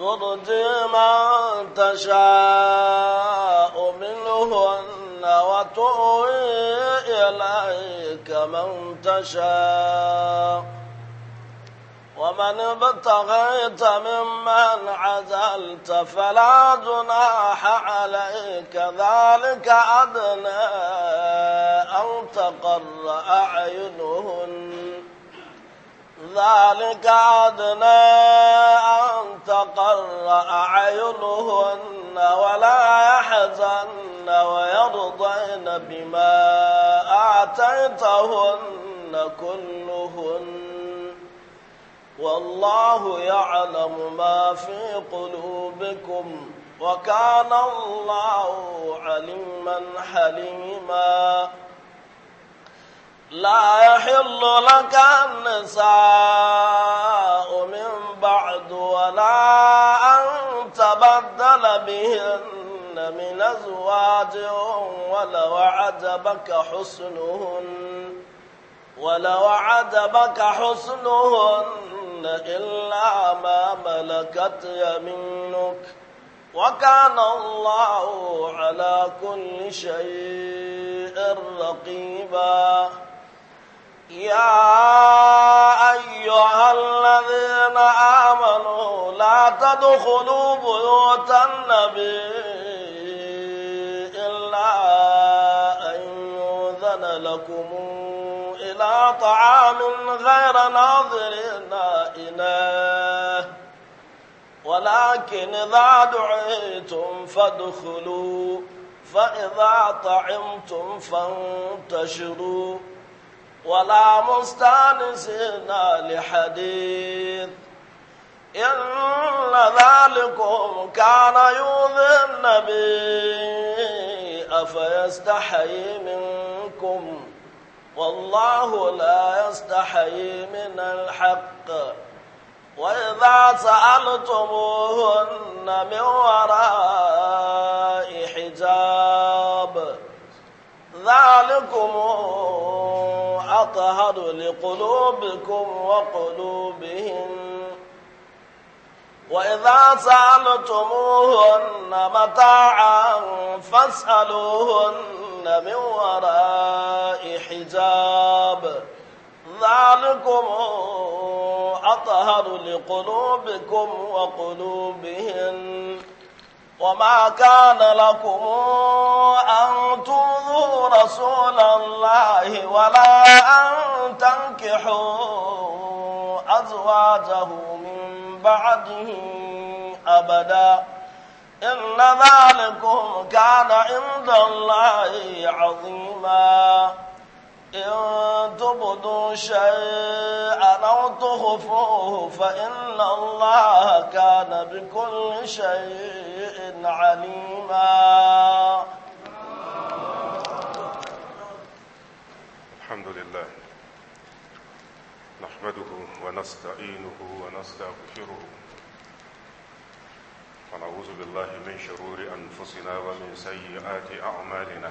ترجي من تشاء منهن وتؤوي إليك من تشاء ومن ابتغيت ممن عزلت فلا جناح عليك ذلك أدنى أن تقر أعينهن ذلك أدنى أن تقر أعينهن ولا يحزن ويرضين بما آتيتهن كلهن والله يعلم ما في قلوبكم وكان الله عليما حليما لا يحل لك النساء من بعد ولا أن تبدل بهن من أزواج ولو أعجبك حسنهن ولو عجبك حسنهن إلا ما ملكت يمينك وكان الله على كل شيء رقيباً يا أيها الذين آمنوا لا تدخلوا بيوت النبي إلا أن يؤذن لكم إلى طعام غير ناظرين إليه ولكن إذا دعيتم فادخلوا فإذا طعمتم فانتشروا ولا مستانسين لحديث إن ذلكم كان يؤذي النبي أفيستحيي منكم والله لا يستحيي من الحق وإذا سألتموهن من وراء حجاب ذلكم أطهر لقلوبكم وقلوبهم وإذا سألتموهن متاعا فاسألوهن من وراء حجاب ذلكم أطهر لقلوبكم وقلوبهم وما كان لكم أن تؤذوا رسول الله ولا أن تنكحوا أزواجه من بعده أبدا إن ذلكم كان عند الله عظيما إن تبدوا شيئا أو تخفوه فإن الله كان بكل شيء عليما الحمد لله نحمده ونستعينه ونستغفره ونعوذ بالله من شرور أنفسنا ومن سيئات أعمالنا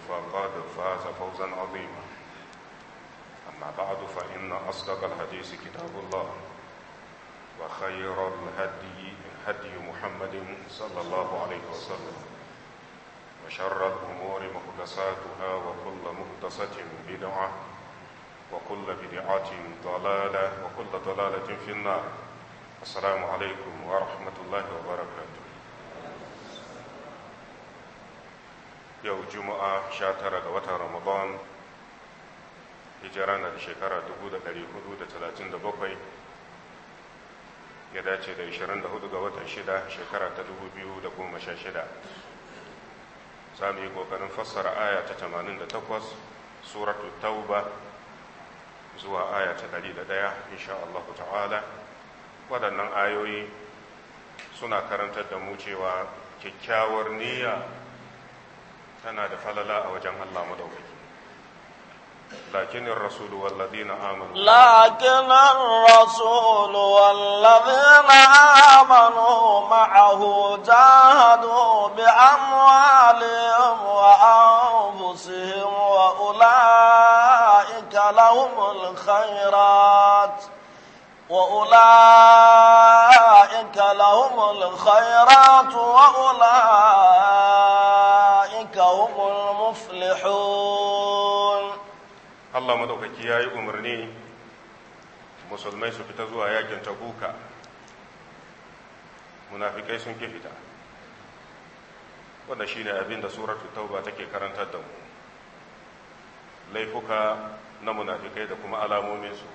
فقد فاز فوزا عظيما أما بعد فإن أصدق الحديث كتاب الله وخير الهدي هدي محمد صلى الله عليه وسلم وشر الأمور محدثاتها وكل محدثة بدعة وكل بدعة ضلالة وكل ضلالة في النار السلام عليكم ورحمة الله وبركاته yau juma'a 19 ga watan ramadan hijira na da shekara bakwai ya dace da 24 ga watan 6 shekara ta 2016 za mu yi ƙoƙarin fassara aya ta 88 suratu tauba zuwa aya ta 101 insha Allah ta'ala waɗannan ayoyi suna karantar da mu cewa kyakkyawar niyya tana da falala a wajen Allah madaukaki لكن الرسول والذين آمنوا لكن الرسول والذين آمنوا معه جاهدوا بأموالهم وأنفسهم وأولئك لهم الخيرات وأولئك لهم الخيرات وأولئك هم المفلحون Allah madaukaki ya yi umarni musulmai su fita zuwa yakin tabuka munafikai sun ki fita wanda shine abin da suratul tauba take karantar da mu laifuka na munafikai da kuma alamomin su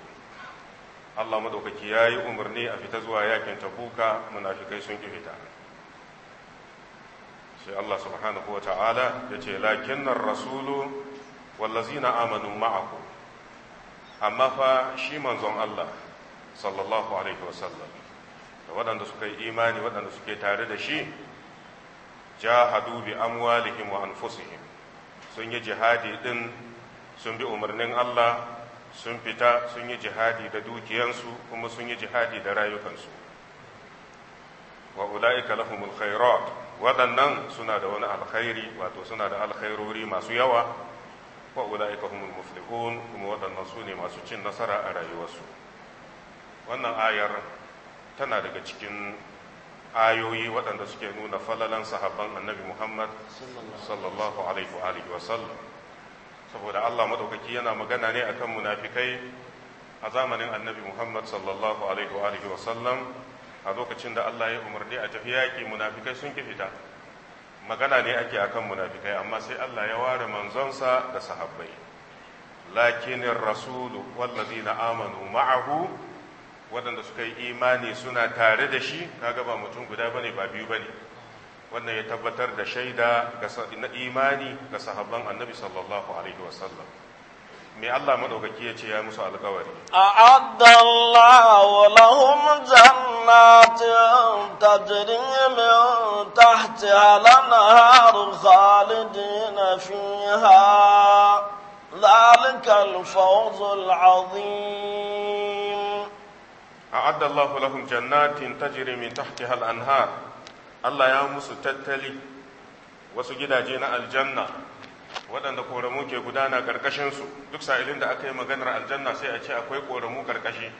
Allah madaukaki ya yi umarni a fita zuwa yakin tabuka munafikai sun ki fita sai Allah subhanahu wa ta'ala ya ce lakinnar rasulu wallazina amanu ma'ahu amma fa shi manzon Allah sallallahu alaihi wasallam da waɗanda suka yi imani waɗanda suke tare da shi jahadu bi amwalihim wa anfusihim sun yi jihadi din sun bi umarnin Allah sun fita sun yi jihadi da dukiyansu kuma sun yi jihadi da rayukansu wa ula'ika lahumul khairat waɗannan suna da wani alkhairi wato suna da alkhairori masu yawa wa ulaika humul muflihun kuma waɗannan su ne masu cin nasara a rayuwarsu wannan ayar tana daga cikin ayoyi waɗanda suke nuna falalan sahabban annabi muhammad sallallahu alaihi wa wa sallam saboda allah maɗaukaki yana magana ne akan munafikai a zamanin annabi muhammad sallallahu alaihi wa wa sallam a lokacin da Allah ya umarni a tafi yaƙi munafikai sun ki fita magana ne ake akan munafikai amma sai Allah ya ware manzonsa da sahabbai lakinin rasulu na amanu ma'ahu waɗanda suka yi imani suna tare da shi kaga ba mutum guda bane ba biyu bane wannan ya tabbatar da shaida na imani ga sahabban annabi sallallahu alaihi wasallam me Allah madaukaki ya ce ya musu alkawari a'addallahu lahum jannatin tajri min tahtiha al-anhar khalidina fiha ذلك الفوز العظيم أعد الله لهم جنات تجري من تحتها الأنهار الله يا مسو تتلي وسجد جنا الجنة waɗanda ƙoramu ke gudana ƙarƙashinsu duk sa'ilin da aka yi maganar aljanna sai a ce akwai ƙoramu ƙarƙashi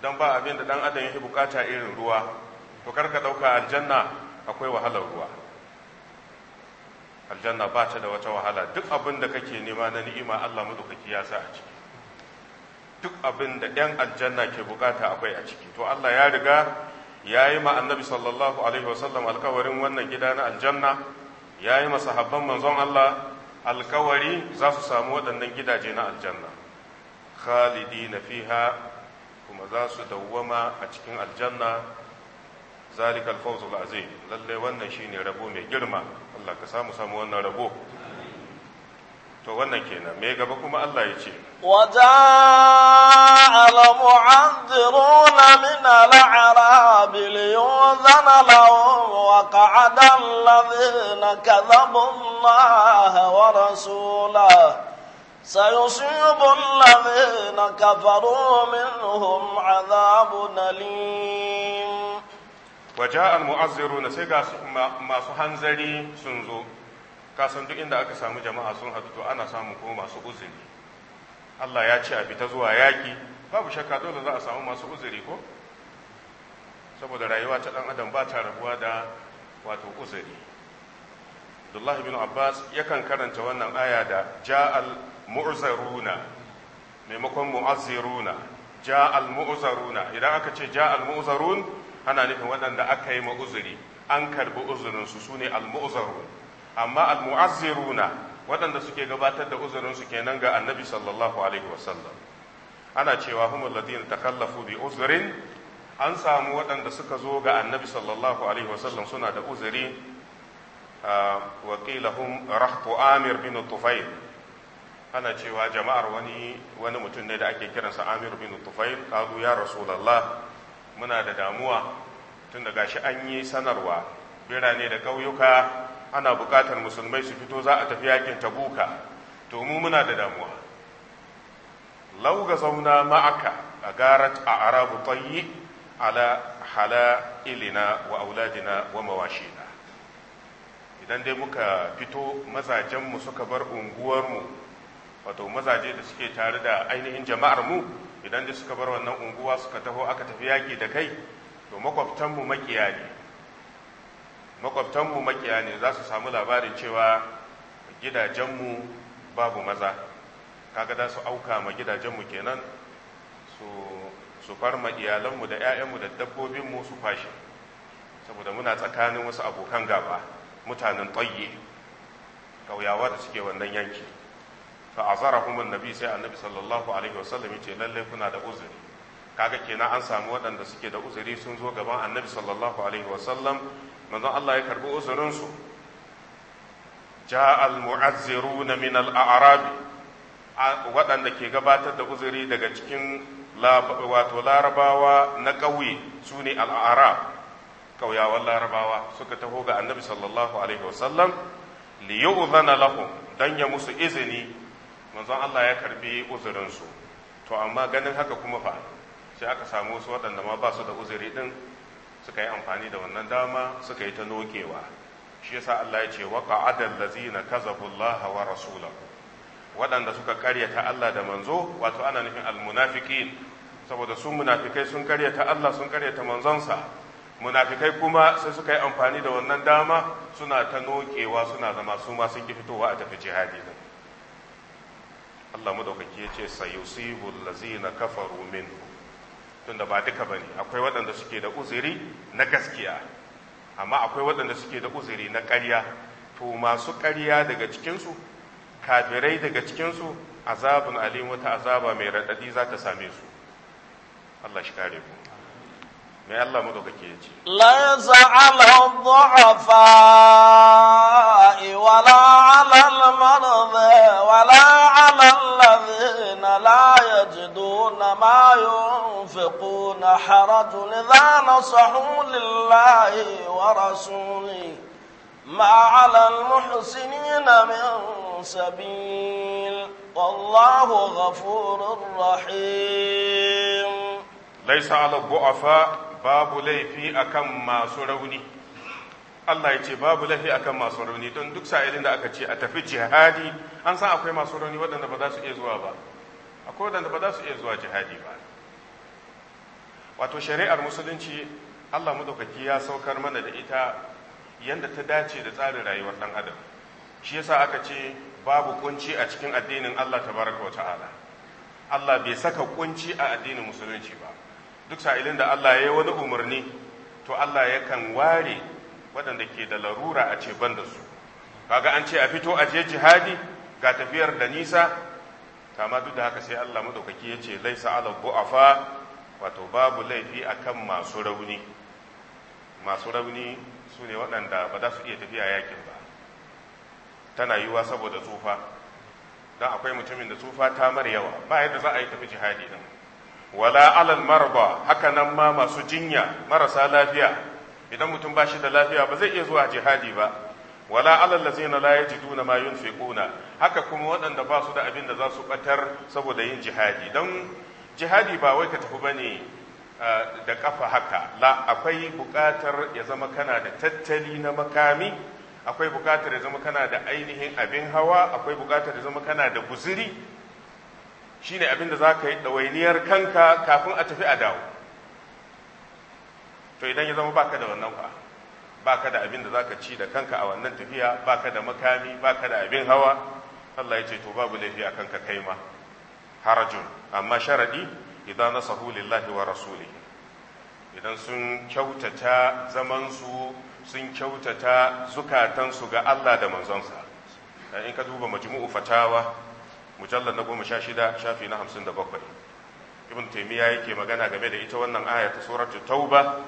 don ba abin da ɗan adam ya bukata irin ruwa to karka ɗauka aljanna akwai wahalar ruwa aljanna ba ta da wata wahala duk abin da kake nema na ni'ima allah maɗaukaki ya sa a ciki duk abin da ‘yan aljanna ke bukata akwai a ciki to allah ya riga ya yi ma annabi sallallahu alaihi wasallam alkawarin wannan gida na aljanna ya yi masahabban manzon allah alkawari za su samu waɗannan gidaje na aljanna khalidi na fiha kuma za su dawwama a cikin aljanna zalikal fawzul azim lalle wannan shine rabo mai girma Allah ka samu samu wannan rabo to wannan kenan me gaba kuma Allah ya ce wa ja'a al mu'adhdhirun min al a'rab li yunzana wa qa'ada alladhina kadhabu Allah wa rasulahu sayusibu alladhina kafaru minhum 'adhabun alim wa ja'a al mu'adhdhirun sai ga masu hanzari sun zo ka san duk inda aka samu jama'a sun haɗu to ana samun kuma masu uzuri Allah ya ce a fita zuwa yaki babu shakka dole za a samu masu uzuri ko saboda rayuwa ta ɗan adam ba ta rabuwa da wato uzuri Abdullah bin Abbas yakan karanta wannan aya da ja'al mu'zaruna maimakon mu'azziruna ja'al mu'zaruna idan aka ce ja'al mu'zarun ana nufin waɗanda aka yi ma'uzuri an karbi uzurinsu su ne al-mu'zarun amma na waɗanda suke gabatar da uzurin su kenan ga annabi sallallahu alaihi wasallam ana cewa humul ladina takallafu bi uzrin an samu waɗanda suka zo ga annabi sallallahu alaihi wasallam suna da uzuri wa qila hum rahtu amir bin tufail ana cewa jama'ar wani wani mutum ne da ake kiransa amir bin tufail qalu ya rasulullah muna da damuwa tun da gashi an yi sanarwa birane da ƙauyuka ana buƙatar musulmai su fito za a tafi yakin tabuka to mu muna da damuwa lauga zauna ma'aka a garat a arabu tayyi ala hala ilina wa auladina wa mawashina idan dai muka fito mazajenmu suka bar unguwarmu wato mazaje da suke tare da ainihin jama'armu idan dai suka bar wannan unguwa suka taho aka tafi yaki da kai to makwabtanmu makiya ne makwabtanmu makiya ne za su samu labarin cewa gidajenmu babu maza kaga za su auka ma gidajenmu kenan su farma iyalanmu da 'ya'yanmu da dabbobinmu su fashi saboda muna tsakanin wasu abokan gaba mutanen tsaye ƙauyawa da suke wannan yanki fa zara kuma nabi sai annabi sallallahu alaihi wasallam ce lallai kuna da uzuri kaga kenan an samu waɗanda suke da uzuri sun zo gaban annabi sallallahu alaihi wasallam manzon Allah ya karbi uzurinsu ja al-mu'azziruna min al-a'rabi waɗanda ke gabatar da uzuri daga cikin wato larabawa na ƙauye su ne al'arab ƙauyawan larabawa suka taho ga annabi sallallahu alaihi wasallam liyu'zana lahum dan ya musu izini manzon Allah ya karbi uzurinsu to amma ganin haka kuma fa sai aka samu wasu waɗanda ma ba su da uzuri din suka yi amfani da wannan dama suka yi ta nokewa shi yasa Allah ya ce waqa adal lazina kazabu Allah wa rasulahu waɗanda suka karyata Allah da manzo wato ana nufin almunafiqin saboda su munafikai sun karyata Allah sun karyata manzonsa munafikai kuma sai suka yi amfani da wannan dama suna ta nokewa suna zama su ma sun ki fitowa a tafi jihadi Allah madaukaki ya ce sayusibul lazina kafaru minhu tunda ba duka bane akwai waɗanda suke da uzuri na gaskiya amma akwai waɗanda suke da uzuri na ƙarya to masu ƙarya daga cikinsu kafirai daga cikinsu azabun alim wata azaba mai raɗaɗi za ta same su Allah shi kare mu mai Allah madaukake ya ce la za'ala du'afa wala 'ala al-marḍi wala 'ala alladhi لا يجدون ما ينفقون حرج إذا نصحوا لله ورسوله ما على المحسنين من سبيل والله غفور رحيم ليس على الضعفاء باب ليفي أكم ما سروني Allah ya ce babu lafi akan masu rauni don duk sa'ilin da aka ce a tafi jihadi an san akwai masu rauni waɗanda ba za su iya zuwa ba akwai wadanda ba za su iya zuwa jihadi ba wato shari'ar musulunci allah madaukaki ya saukar mana da ita yadda ta dace da tsarin rayuwar dan adam shi yasa aka ce babu kunci a cikin addinin allah ta wata ala. allah bai saka kunci a addinin musulunci ba duk sa'ilin da allah ya yi wani umarni to allah ya kan ware waɗanda ke da larura a ce ban da su kaga an ce a fito a je jihadi ga tafiyar da nisa kama duk da haka sai Allah madaukaki ya ce laisa ala bu'afa wato babu laifi akan masu rauni masu rauni su ne waɗanda ba za su iya tafiya yakin ba tana yiwuwa saboda tsufa don akwai mutumin da tsufa ta mar yawa ba yadda za a yi tafi jihadi din wala alal marba haka nan ma masu jinya marasa lafiya idan mutum ba shi da lafiya ba zai iya zuwa jihadi ba wala alal lazina la yajiduna ma yunfiquna haka kuma waɗanda ba su da abin da za su ɓatar saboda yin jihadi don jihadi ba wai ka tafi ba ne da ƙafa haka la akwai buƙatar ya zama kana da tattali na makami akwai buƙatar ya zama kana da ainihin abin hawa akwai buƙatar ya zama kana da guziri ne abin da za ka yi ɗawainiyar kanka kafin a tafi a dawo to idan ya zama baka da wannan ba baka da abin da za ka ci da kanka a wannan tafiya baka da makami baka da abin hawa Allah ya ce to babu laifi akan ka kai ma harajun amma sharadi idan nasahu lillahi wa rasulihi idan sun kyautata zamansu sun kyautata zukatansu ga Allah da manzonsa eh, in ka duba majmu'u fatawa mujallar na goma sha shida shafi na hamsin da bakwai ibn taimiyya yake magana game da ita wannan aya ta suratu tauba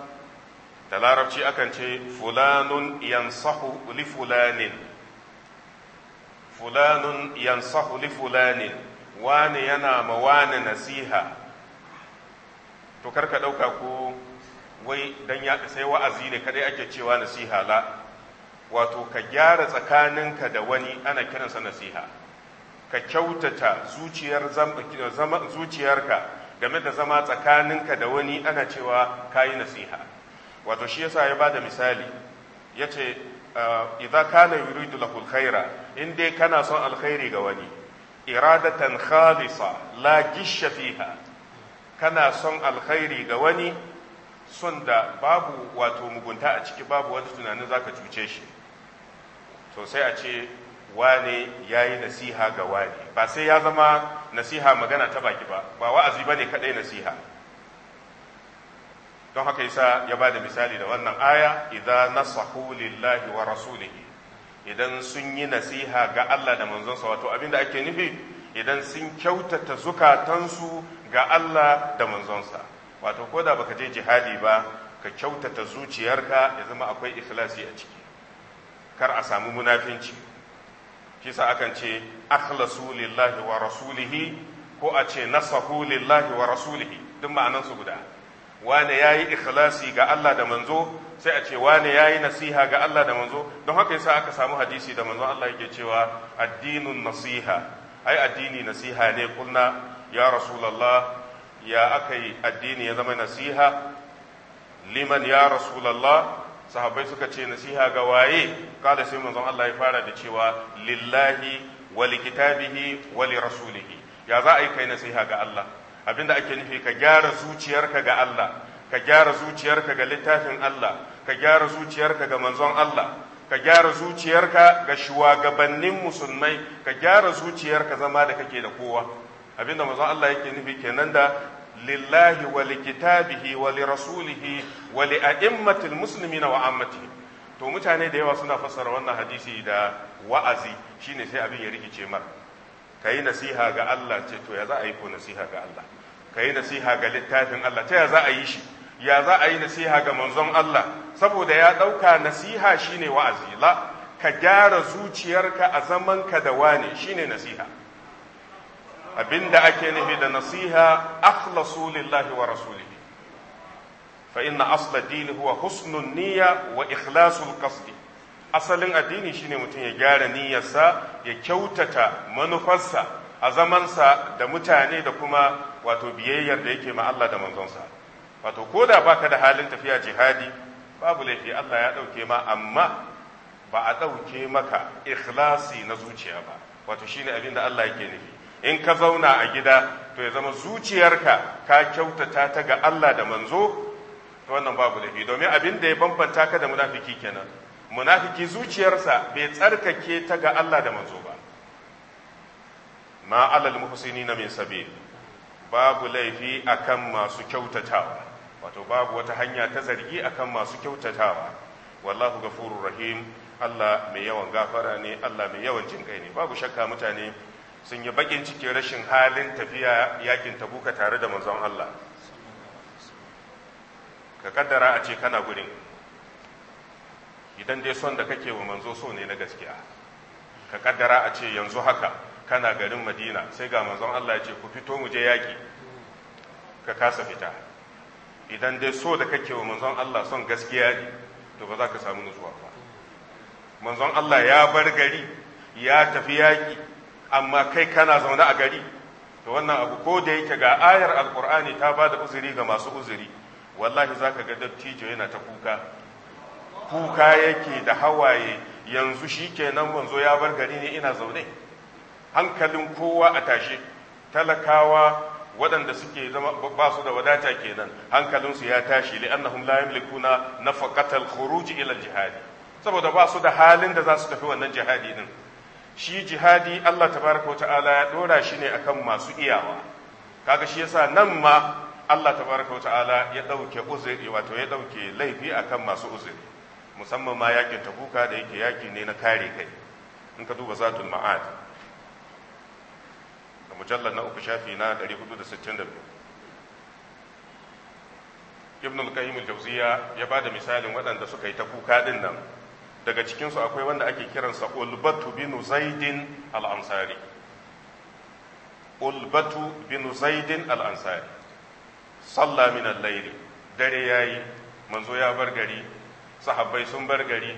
da larabci akan ce fulanun yansahu li fulanin fulanun yansahu li fulani wani yana ma wani nasiha to karka ɗauka ko wai dan ya sai wa'azi ne kadai ake cewa nasiha la wato ka gyara tsakaninka da wani ana kiransa nasiha ka kyautata zuciyar zama zuciyarka game da zama tsakaninka da wani ana cewa kayi nasiha wato shi yasa ya bada misali yace idza kana yuridu lahu alkhaira in dai kana son alkhairi ga wani iradatan khalisa la jishsha fiha kana son alkhairi ga wani son da babu wato mugunta a ciki babu wani tunanin zaka cuce shi to sai a ce wane yayi nasiha ga wani ba sai ya zama nasiha magana ta baki ba ba wa'azi bane kadai nasiha don haka yasa ya da misali da wannan aya idza nasahu lillahi wa rasulihi idan sun yi nasiha ga Allah da manzonsa wato abinda ake nufi idan sun kyautata zukatansu ga Allah da manzonsa wato ko da baka je jihadi ba ka kyautata zuciyarka ya zama akwai ikhlasi a ciki kar a samu munafinci shi sa akan ce akhlasu lillahi wa rasulihi ko a ce nasahu lillahi wa rasulihi duk ma'anansu guda wane ya yi ikhlasi ga Allah da manzo sai a ce wane ya yi nasiha ga Allah da manzo don haka yasa aka samu hadisi da manzo Allah yake cewa addinun nasiha ai addini nasiha ne kulna ya rasulullah ya aka yi addini ya zama nasiha liman ya rasulullah sahabbai suka ce nasiha ga waye kada sai manzon Allah ya fara da cewa lillahi wa likitabihi wa li rasulihi ya za a yi kai nasiha ga Allah abinda ake nufi ka gyara zuciyarka ga Allah ka gyara zuciyarka ga littafin Allah ka gyara zuciyarka ga manzon Allah ka gyara zuciyarka ga shugabannin musulmai ka gyara zuciyarka zama da kake da kowa abinda manzon Allah yake nufi kenan da lillahi wa likitabihi wa rasulihi wa a'immatil muslimina wa ammatihim to mutane da yawa suna fassara wannan hadisi da wa'azi shine sai abin ya rikice mara ka yi nasiha ga Allah ce to ya za a yi ko nasiha ga Allah ka yi nasiha ga littafin Allah ta ya za a yi shi ya za a yi nasiha ga manzon Allah saboda ya ɗauka nasiha shine wa'azi la ka gyara zuciyarka a ka da wane shine nasiha abinda ake nufi da nasiha akhlasu lillahi wa rasulihi fa inna asla dini huwa husnun niyya wa ikhlasul qasdi asalin addini shine mutum ya gyara niyyarsa ya kyautata manufarsa a zamansa da mutane da kuma wato biyayyar da yake ma Allah da manzonsa wato ko da baka da halin tafiya jihadi babu laifi Allah ya ɗauke ma amma ba a ɗauke maka ikhlasi na zuciya ba wato shine abin da Allah yake nufi in ka zauna a gida to ya zama zuciyarka ka kyautata ta ga Allah da manzo to wannan babu laifi domin abin da ya bambanta ka da munafiki kenan munafiki zuciyarsa bai tsarkake ta ga Allah da manzo ba ma alal muhsinina min sabil babu laifi akan masu kyautatawa wato babu wata hanya ta zargi akan masu kyautatawa wallahu gafurur rahim Allah mai yawan gafara ne Allah mai yawan jin kai ne babu shakka mutane sun yi bakin cikin rashin halin tafiya yakin tabuka tare da manzon Allah ka kaddara a ce kana gurin idan dai son da kake wa manzo so ne na gaskiya ka kaddara a ce yanzu haka kana garin madina sai ga manzon Allah ya ce ku fito mu je yaƙi ka kasa fita idan dai so da kake wa manzon Allah son gaskiya ne to ba za ka samu nutsuwa ba manzon Allah ya bar gari ya tafi yaki amma kai kana zaune a gari to wannan abu ko da yake ga ayar alkur'ani ta bada da uzuri ga masu uzuri wallahi za ka ga dattijo yana ta kuka kuka yake da hawaye yanzu shi kenan wanzo ya bar gari ne ina zaune hankalin kowa a tashe talakawa waɗanda suke zama ba su da wadata kenan hankalinsu ya tashi li annahum la yamlikuna nafaqatal khuruj ila jihadi saboda ba su da halin da za su tafi wannan jihadi din shi jihadi Allah tabaraka ta'ala ya dora shi ne akan masu iyawa kaga shi yasa nan ma Allah tabaraka ta'ala ya dauke uzuri wato ya dauke laifi akan masu uzuri musamman ma yakin tabuka da yake yaki ne na kare kai in ka duba zatul ma'ad da mujallar na uku shafi na 462 ibn al-qayyim al-jawziya ya bada misalin waɗanda suka yi ta kuka din nan daga cikin su akwai wanda ake kiransa ulbatu bin zaidin al-ansari ulbatu bin zaidin al-ansari salla min al-layl dare yayi manzo ya bar gari sahabbai sun bar gari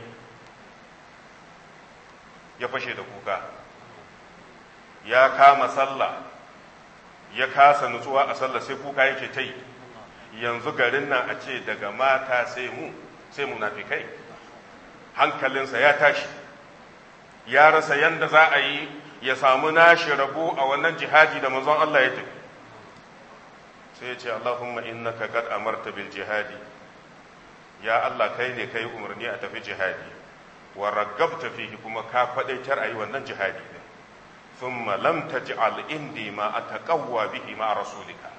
ya fashe da kuka ya kama sallah ya kasa nutsuwa a sallah sai kuka yake ta yi yanzu garin nan a ce daga mata sai mu sai kai hankalinsa ya tashi ya rasa yadda za a yi ya samu nashi rabu a wannan jihadi da mazan Allah ya tafi sai ya ce Allahumma innaka qad amarta bil jihadi ya Allah kai ne kai umarni a tafi jihadi wa raggabta fihi kuma ka faɗaitar a yi wannan jihadi din thumma lam taj'al indi ma ataqawwa bihi ma rasulika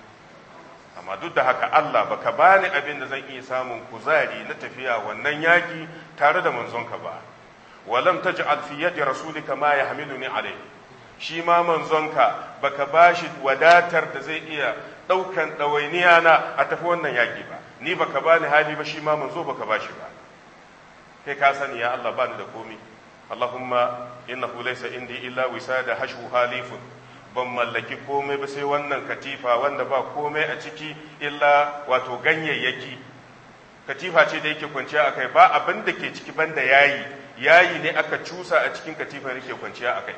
amma duk da haka Allah baka bani abin da zan iya samun kuzari na tafiya wannan yaki tare da manzonka ba wa lam taj'al fi yadi rasulika ma yahmiluni alayhi shi ma manzonka baka bashi wadatar da zai iya daukan ɗawainiya na a tafi wannan yaki ba ni baka bani hali ba shi ma manzo baka bashi ba kai ka sani ya Allah bani da komi Allahumma innahu laysa indi illa wisada hashu halifun ban mallaki komai ba sai wannan katifa wanda ba komai a ciki illa wato ganyayyaki katifa ce da yake kwanciya a kai ba abin da ke ciki banda yayi yayi ne aka cusa a cikin katifa yake kwanciya a kai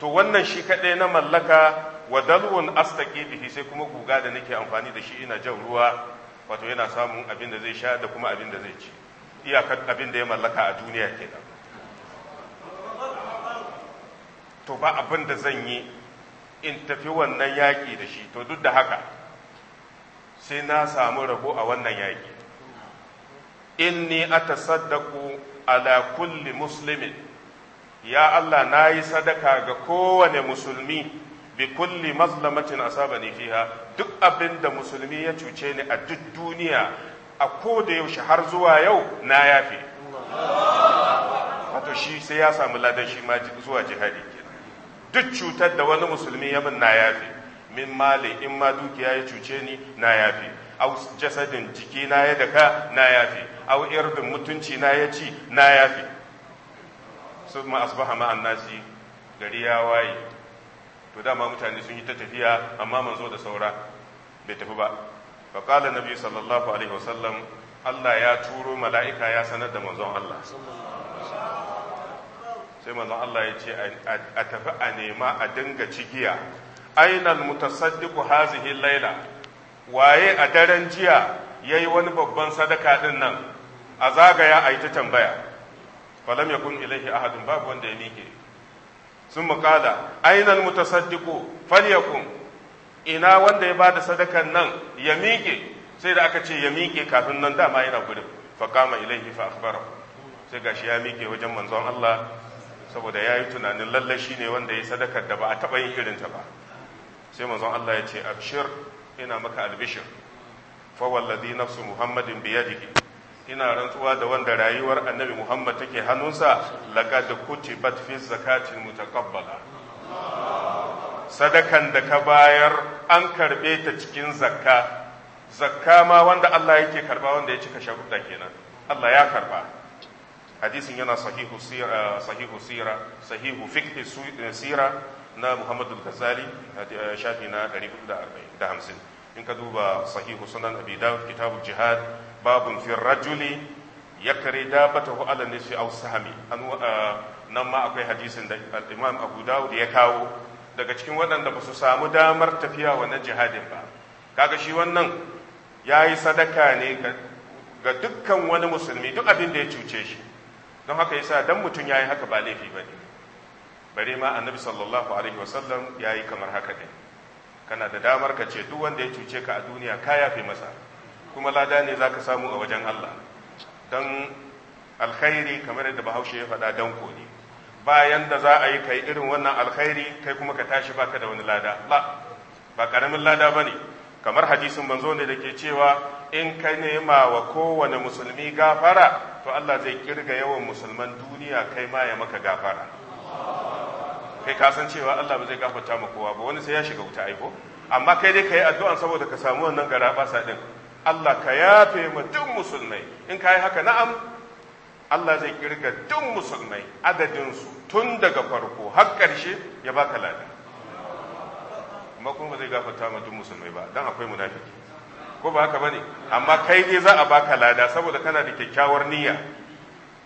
to wannan shi kaɗai na mallaka wa dalwun astaqi bihi sai kuma guga da nake amfani da shi ina jan ruwa wato yana samun abin da zai sha da kuma abin da zai ci iyakar abin da ya mallaka a duniya ke kenan to ba abin da zan yi in tafi wannan yaƙi da shi to duk da haka sai na samu rabo a wannan yaƙi In inni atasaddaqu ala kulli muslimin ya Allah na yi sadaka ga kowane musulmi bi kulli mazlamatin asabani fiha duk abin da musulmi ya cuce ni a duk duniya a ko da yaushe har zuwa yau na wato shi sai ya samu ladan shi ma zuwa jihadi kenan duk cutar da wani musulmi ya min na yafe min mali in ma dukiya ya cuce ni na yafe au jasadin jiki na ya daka na yafe au irbin mutunci na ya ci na yafe sun ma asbaha ma'an nasi gari ya waye to dama mutane sun yi ta tafiya amma manzo da saura bai tafi ba fa qala nabi sallallahu alaihi wasallam Allah ya turo mala'ika ya sanar da manzon Allah sai manzon Allah ya ce a tafi a nema a dinga cigiya ainal mutasaddiqu hazihi laila waye a daren jiya yayi wani babban sadaka din nan a zagaya a yi ta tambaya falam yakun ilaihi ahadun babu wanda ya mike sun maƙala ainal mutasaddiqu falyakum ina wanda ya bada sadakan nan ya miƙe sai da aka ce ya miƙe kafin nan dama yana gudun kama ilaihi fa akhbara sai gashi ya miƙe wajen manzon Allah saboda yayi tunanin lalle shine wanda ya sadakar da ba a taba yin irin ta ba sai manzon Allah ya ce abshir ina maka albishir fa wallazi nafsu muhammadin biyadihi ina rantsuwa da wanda rayuwar annabi Muhammad take hannunsa laqad kutibat fi zakatil mutaqabbala sadakan da ka bayar an karbe ta cikin zakka zakka ma wanda Allah yake karba wanda ya cika sharuɗa kenan Allah ya karba hadisin yana sahihu sira sahihu sira sahihu fiqh eh, sira na Muhammad al-Ghazali eh, shafi na 450 in ka duba sahihu sunan Abi Dawud kitabul jihad babun fi rajuli ya kare dabatahu ala nisfi aw sahmi nan ma akwai hadisin da imam abu dawud ya kawo daga cikin waɗanda ba su samu damar tafiya wa na jihadin ba kaga shi wannan yayi sadaka ne ga dukkan wani musulmi duk abin da ya cuce shi don haka yasa dan mutum ya yi haka ba laifi ba ne bare ma annabi sallallahu alaihi wasallam ya kamar haka ne kana da damar ka ce duk wanda ya cuce ka a duniya ka yafe masa kuma lada ne za ka samu a wajen Allah don alkhairi kamar yadda bahaushe ya faɗa danko ne bayan da za a yi kai irin wannan alkhairi kai kuma ka tashi baka da wani lada ba karamin lada ba ne kamar hadisin manzo ne da ke cewa in ka nema wa kowane musulmi gafara to Allah zai kirga yawan musulman duniya kai ma ya maka gafara kai ka san cewa Allah ba zai gafarta ma kowa ba wani sai ya shiga wuta aiko amma kai dai yi addu'an saboda ka samu wannan garaba sa din Allah ka yafe ma duk musulmai in ka yi haka na'am Allah zai kirga duk musulmai adadinsu tun daga farko har ƙarshe ya baka lada amma kuma zai gafarta ma duk musulmai ba dan akwai munafiki ko ba haka bane amma kai dai za a baka lada saboda kana da kyakkyawar niyya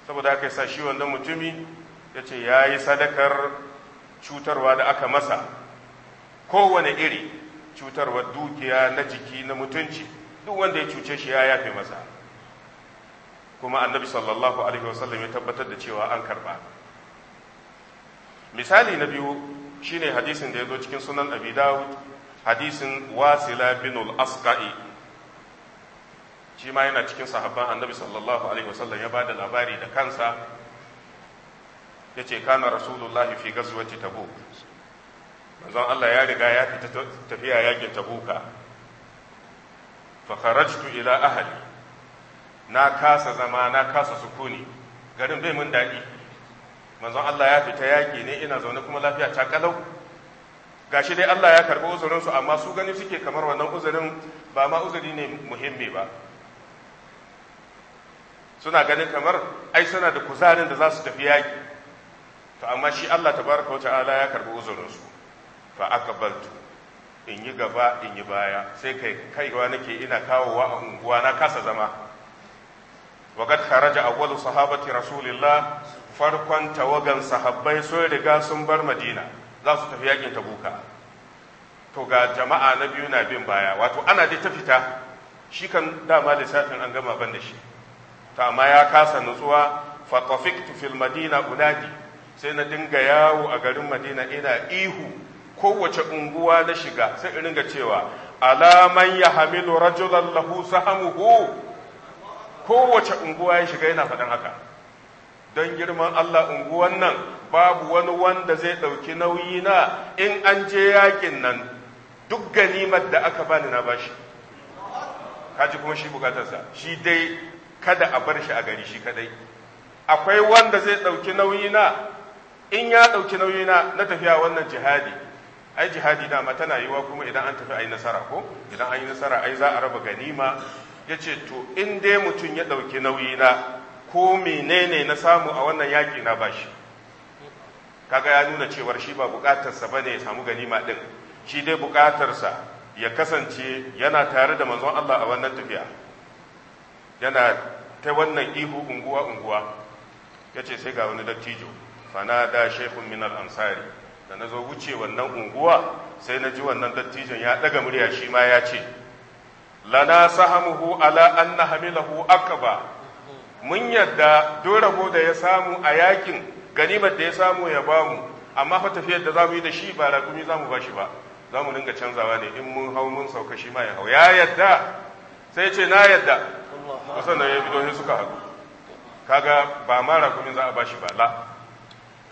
saboda haka sa shi wannan mutumi yace yayi sadakar cutarwa da aka masa kowane iri cutarwa dukiya na jiki na mutunci duk wanda ya cuce shi ya yafe masa kuma annabi sallallahu alaihi wasallam ya tabbatar da cewa an karba misali na biyu shine hadisin da ya zo cikin sunan abi dawud hadisin wasila bin al-asqa'i shi ma yana cikin sahabban annabi sallallahu alaihi wasallam ya bada labari da kansa ya ce kana rasulullahi fi gazwati tabuk manzon Allah ya riga ya fita tafiya yakin tabuka fa kharajtu ila ahli na kasa zama na kasa sukuni garin bai mun daɗi manzon Allah ya fita yaƙi ne ina zaune kuma lafiya ta kalau gashi dai Allah ya karɓi uzurinsu amma su gani suke kamar wannan uzurin ba ma uzuri ne muhimmi ba suna ganin kamar ai suna da kuzarin da za su tafi yaƙi to amma shi Allah tabaraka wa ta'ala ya karɓi uzurinsu fa aqbaltu in yi gaba in yi baya sai kai kaiwa nake ina kawowa a unguwa na kasa zama waqad kharaja awwalu sahabati rasulillah farkon tawagan sahabbai sun riga sun bar madina za su tafi yakin tabuka to ga jama'a na biyu na bin baya wato ana dai ta fita shi kan dama lissafin an gama ban da shi ta amma ya kasa nutsuwa fa tafiktu fil madina unadi sai na dinga yawo a garin madina ina ihu kowace unguwa na shiga sai in ringa cewa alaman ya hamilu rajulan lahu sahamuhu kowace unguwa ya shiga yana faɗin haka don girman Allah unguwan nan babu wani wanda zai ɗauki nauyi na in an je yakin nan duk ganimar da aka bani na bashi kaji kuma shi bukatarsa shi dai kada a bar shi a gari shi kadai akwai wanda zai ɗauki nauyi na in ya ɗauki nauyi na na tafiya wannan jihadi ai jihadi dama tana yiwa kuma idan an tafi ayi nasara ko idan an yi nasara ai za a raba ganima yace to in dai mutum ya ɗauki nauyi na ko menene na samu a wannan yaƙi na bashi kaga ya nuna cewar shi ba buƙatarsa ba ne ya samu ganima ɗin shi dai buƙatarsa ya kasance yana tare da manzon Allah a wannan tafiya yana ta wannan ihu unguwa unguwa yace sai ga wani dattijo fana da shekun min al-ansari da na zo wuce wannan unguwa sai na ji wannan dattijan ya ɗaga murya shi ma ya ce lana sahamuhu ala anna hamilahu akaba mun yadda dorabo da ya samu a yakin ganimar da ya samu ya mu amma fa tafiyar da za mu yi da shi ba raƙumi za mu ba shi ba za mu dinga canzawa ne in mun hau mun sauka shi ma ya hau ya yadda sai ce na yadda kusan da ya bidohin suka haɗu kaga ba ma raƙumin za a ba shi ba la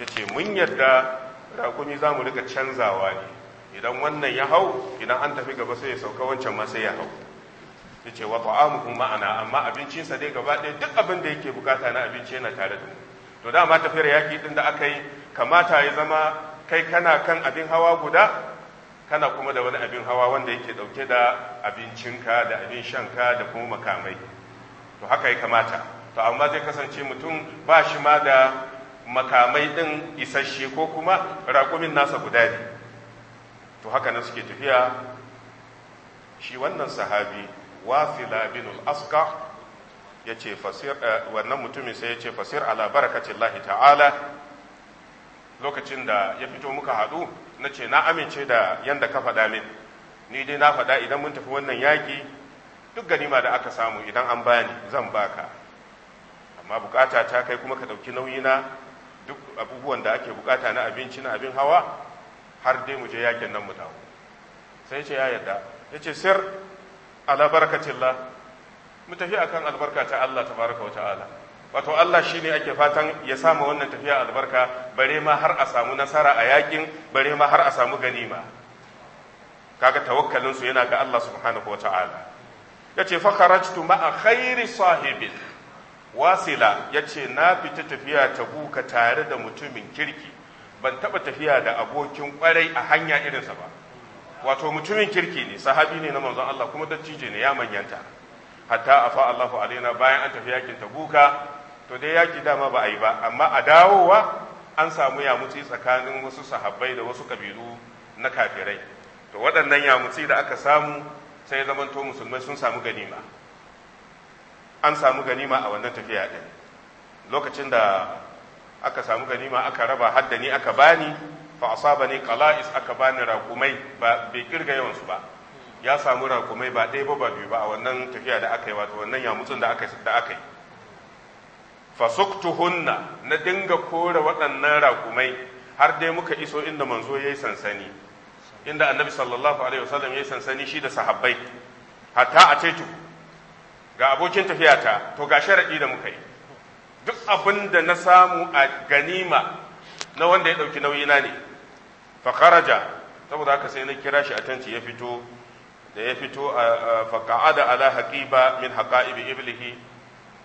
ya ce mun yadda rakumi za mu rika canzawa ne idan wannan ya hau idan an tafi gaba sai ya sauka wancan ma sai ya hau ya ce wa ta'amuhum ma'ana amma abincinsa dai gaba ɗaya duk abin da yake bukata na abinci yana tare da mu to dama tafiyar yaƙi ɗin da aka yi kamata ya zama kai kana kan abin hawa guda kana kuma da wani abin hawa wanda yake ɗauke da abincinka da abin shanka da kuma makamai to haka ya kamata to amma zai kasance mutum ba shi ma da makamai ɗin isasshe ko kuma raƙumin nasa guda ne to haka nan suke tafiya shi wannan sahabi wasila bin al-asqa ya ce fasir eh, wannan mutumin sai ya ce fasir ala barakacin ta'ala lokacin da ya fito muka haɗu na ce na amince da yanda ka faɗa min ni dai na faɗa idan mun tafi wannan yaki. duk ganima da aka samu idan an bani zan baka amma bukata ta kai kuma ka ɗauki na. duk abubuwan da ake bukata na abinci na abin hawa har dai mu je yakin nan mu dawo sai ce ya yarda ya ce sir ala barakatillah mu tafi akan albarka ta Allah tabaraka wa ta'ala wato Allah shine ake fatan ya samu wannan tafiya albarka bare ma har a samu nasara a yakin bare ma har a samu ganima kaga tawakkalin su yana ga Allah subhanahu wa ta'ala yace fa kharajtu ma'a khairi sahibin wasila ya ce na fita tafiya ta buka tare da mutumin kirki ban taba tafiya da abokin kwarai a hanya irinsa ba wato mutumin kirki ne sahabi ne na manzon Allah kuma dattijo ne ya manyanta hatta afa Allahu alaina bayan an tafi yakin tabuka to dai yaki dama ba a yi ba amma a dawowa an samu ya yamutsi tsakanin wasu sahabbai da wasu kabilu na kafirai to waɗannan ya yamutsi da aka samu sai zamanto musulmai sun samu ganima an samu ganima a wannan tafiya ɗin lokacin da aka samu ganima aka raba haddani aka bani fa asabani qala'is aka bani raƙumai ba bai kirga yawan su ba ya samu raƙumai ba ɗaya ba ba biyu ba a wannan tafiya da aka yi wato wannan yamutsun da aka da aka yi fa suktuhunna na dinga kore waɗannan raƙumai har dai muka iso inda manzo yayi sansani inda annabi sallallahu alaihi wasallam yayi sansani shi da sahabbai hatta a ce tu. ga abokin tafiyata to ga sharaɗi da muka yi duk abin da na samu a ganima na wanda ya ɗauki nauyina ne fa kharaja saboda haka sai na kira shi a tanti ya fito da ya fito fa qa'ada ala haqiba min haqa'ibi iblihi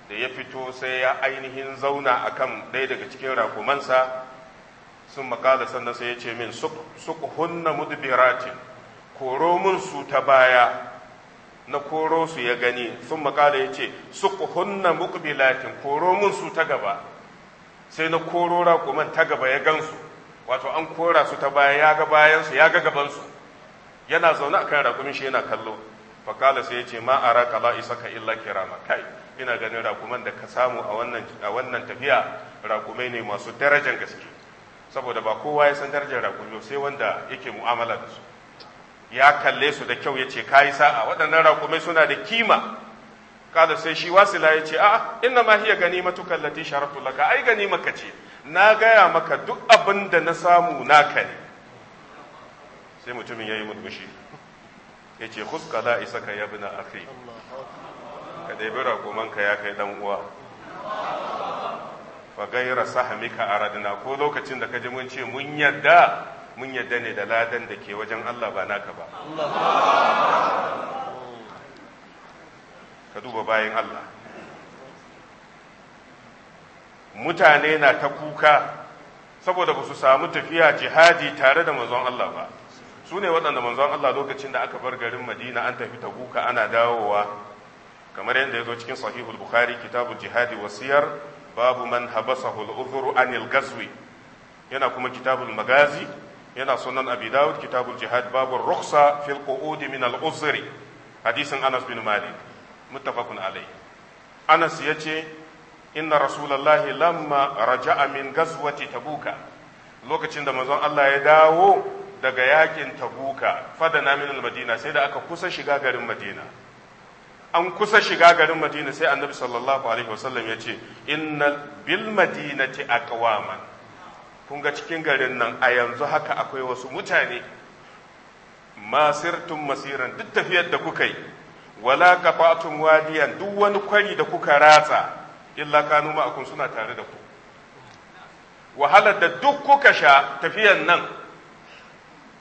da ya fito sai ya ainihin zauna akan ɗaya daga cikin rakumansa sun makala sannan sai ya ce min sukuhunna mudbiratin koro mun su ta baya na koro su ya gani sun makala ya ce su hunna muƙbilatin koro mun su ta gaba sai na koro raƙuman ta gaba ya gansu wato an kora su ta baya ya ga bayansu ya ga gabansu yana zaune a kan rakumin shi yana kallo fakala sai ya ce ma a raƙala isa ka illa kirama kai ina ganin raƙuman da ka samu a wannan tafiya raƙumai ne masu darajar gaske saboda ba kowa ya san darajar raƙumi sai wanda yake mu'amala da su ya kalle su da kyau ya ce kayi sa'a waɗannan raƙumai suna da kima kada sai shi wasila ya ce a'a inna ma hiya matukan kallati sharatu laka ai ganima ka ce na gaya maka duk abin da na samu naka ne sai mutumin yayi murmushi ya ce huska la isa ka na akhi ka ɗebi raƙumanka ya kai ɗan uwa fa gaira sahamika aradna ko lokacin da ka ji mun ce mun yadda mun yadda ne da ladan da ke wajen Allah ba naka ba ka duba bayan Allah mutane na ta kuka saboda ba su samu tafiya jihadi tare da manzon Allah ba su ne waɗanda manzon Allah lokacin da aka bar garin Madina an tafi ta kuka ana dawowa kamar yadda ya zo cikin sahihul bukhari kitabu jihadi wasiyar babu man habasahu hul'uzuru anil gazwi yana kuma kitabul magazi yana sunan abi dawud kitabul jihad babu rukhsa fil qu'ud min al uzri hadisin anas bin malik muttafaqun alayhi anas yace inna rasulullahi lamma raja'a min gazwati tabuka lokacin da manzon Allah ya dawo daga yakin tabuka buka min al madina sai da aka kusa shiga garin madina an kusa shiga garin madina sai annabi sallallahu alaihi wasallam ya ce innal bil madinati aqwaman kun ga cikin garin nan a yanzu haka akwai wasu mutane masirtun masiran duk tafiyar da kuka yi wala kafatun wadiyan duk wani kwari da kuka ratsa illa kanu ma'akun suna tare da ku wahalar da duk kuka sha tafiyan nan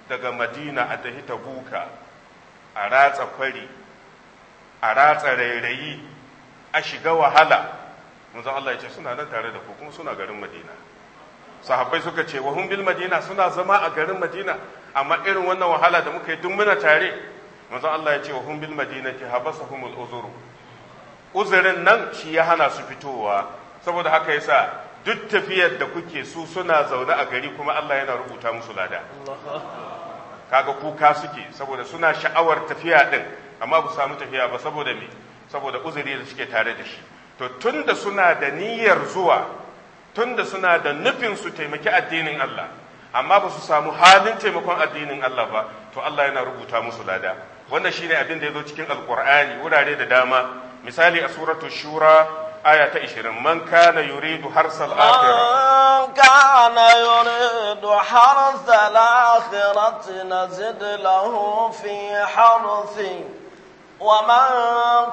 daga madina a tafi buka a ratsa kwari a ratsa rairayi a shiga wahala manzon Allah ya ce suna nan tare da ku kuma suna garin madina sahabbai suka ce wa hun bil madina suna zama a garin madina amma irin wannan wahala da muka yi duk muna tare manzo Allah ya ce wa madina bil ki habasahumul uzuru uzurin nan shi ya hana su fitowa saboda haka yasa duk tafiyar da kuke su suna zaune a gari kuma Allah yana rubuta musu lada kaga kuka suke saboda suna sha'awar tafiya din amma ba samu tafiya ba saboda me saboda uzuri da suke tare da shi to tunda suna da niyyar zuwa tunda suna da nufin su taimaki addinin Allah amma ba su samu halin taimakon addinin Allah ba to Allah yana rubuta musu lada wannan shine abin da ya zo cikin alkur'ani wurare da dama misali a suratu shura aya ta 20 man kana yuridu harsal akhirah kana yuridu harsal akhirati nazid lahu fi harsihi ومن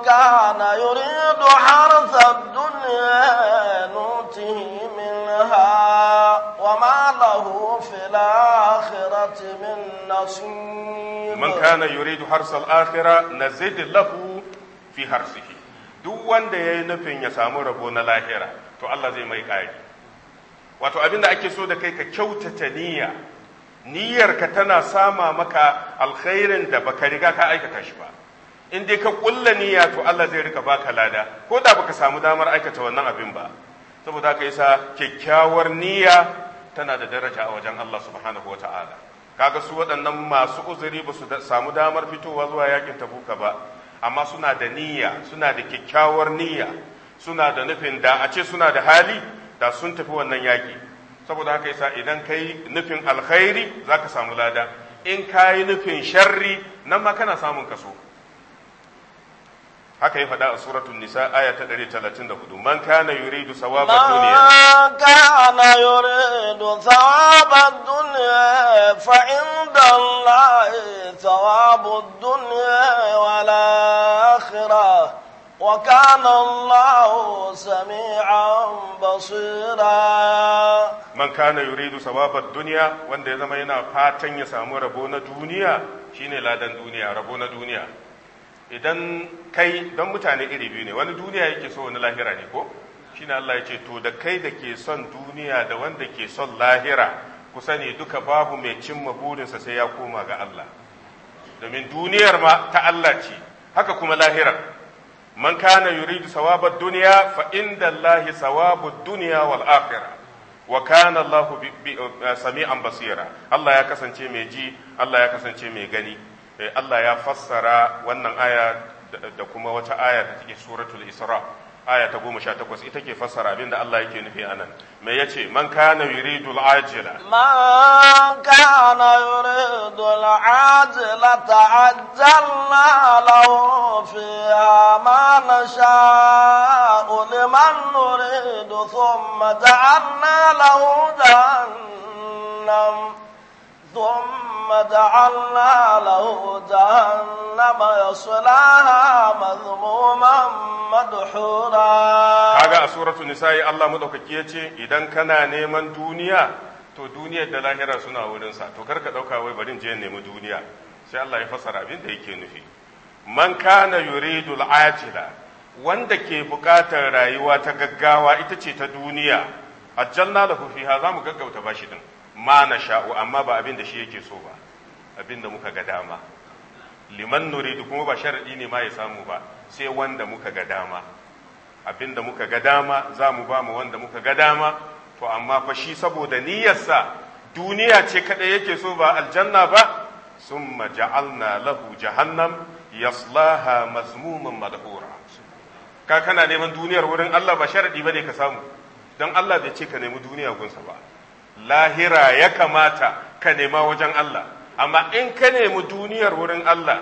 كان يريد حرث الدنيا نوته منها وما له في الآخرة من نصيب من كان يريد حرث الآخرة نزيد له في حرثه duk wanda ya nufin ya samu rabo na lahira to Allah zai mai ƙari wato abinda ake so da kai ka kyautata niyya niyyarka tana sama maka alkhairin da baka riga ka aikata shi ba in dai ka kulla niyya to Allah zai rika baka lada ko da baka samu damar aikata wannan abin ba saboda haka yasa kyakkyawar niyya tana da daraja a wajen Allah subhanahu wata'ala ga kaga su waɗannan masu uzuri ba su samu damar fitowa zuwa yakin tabuka ba amma suna da niyya suna da kyakkyawar niyya suna da nufin da a ce suna da hali da sun tafi wannan yaki saboda haka yasa idan kai nufin alkhairi zaka samu lada in kayi nufin sharri nan ma kana samun kaso haka ya faɗa a suratun nisa aya ta 134 man kana yuridu thawaba dunya man kana yuridu thawaba dunya fa inda allahi thawabu dunya wal akhirah wa kana allahu sami'an basira man kana yuridu thawaba dunya wanda ya zama yana fatan ya samu rabo na duniya shine ladan duniya rabo na duniya idan kai don mutane iri biyu ne wani duniya yake so wani lahira ne ko shi ne Allah ya ce to da kai da ke son duniya da wanda ke son lahira kusa ne duka babu mai cimma burinsa sai ya koma ga Allah domin duniyar ma ta Allah ce haka kuma lahira man kana yuridu sawabad duniya fa inda Allah sawabud duniya wal akhirah wa kana Allah uh, sami'an basira Allah ya kasance mai ji Allah ya kasance mai gani Eh, Allah ya fassara wannan aya da kuma wata aya da take suratul isra aya ta goma sha takwas ita ke fassara abinda Allah yake nufi a nan me ya ce man kana yuridul ajila man kana yuridul ajila ta'ajjalna lahu fiha ma nasha'u liman nuridu thumma ja'alna lahu jahannam ثم جعلنا له جهنم يصلاها مذموما مدحورا kaga a suratul nisa'i Allah madaukaki yace idan kana neman duniya to duniyar da lahira suna wurinsa, sa to karka ɗauka wai barin je nemi duniya sai Allah ya fasa abin da yake nufi Manka na yuridu al-ajila wanda ke buƙatar rayuwa ta gaggawa ita ce ta duniya ajjalna lahu fiha zamu gaggauta bashi din ma na sha’o amma ba abin da shi yake so ba abin da muka ga dama liman nuridu kuma ba sharaɗi ne ma ya samu ba sai wanda muka ga dama abin da muka ga dama za mu ba mu wanda muka ga dama to amma fa shi saboda niyyarsa duniya ce kaɗai yake so ba aljanna ba summa na lahu jahannam yaslaha mazmuman madhura ka kana neman duniyar wurin Allah ba sharaɗi ba ne ka samu Don Allah bai ce ka nemi duniya gunsa ba lahira ya kamata ka nema wajen Allah amma in ka nemi duniyar wurin Allah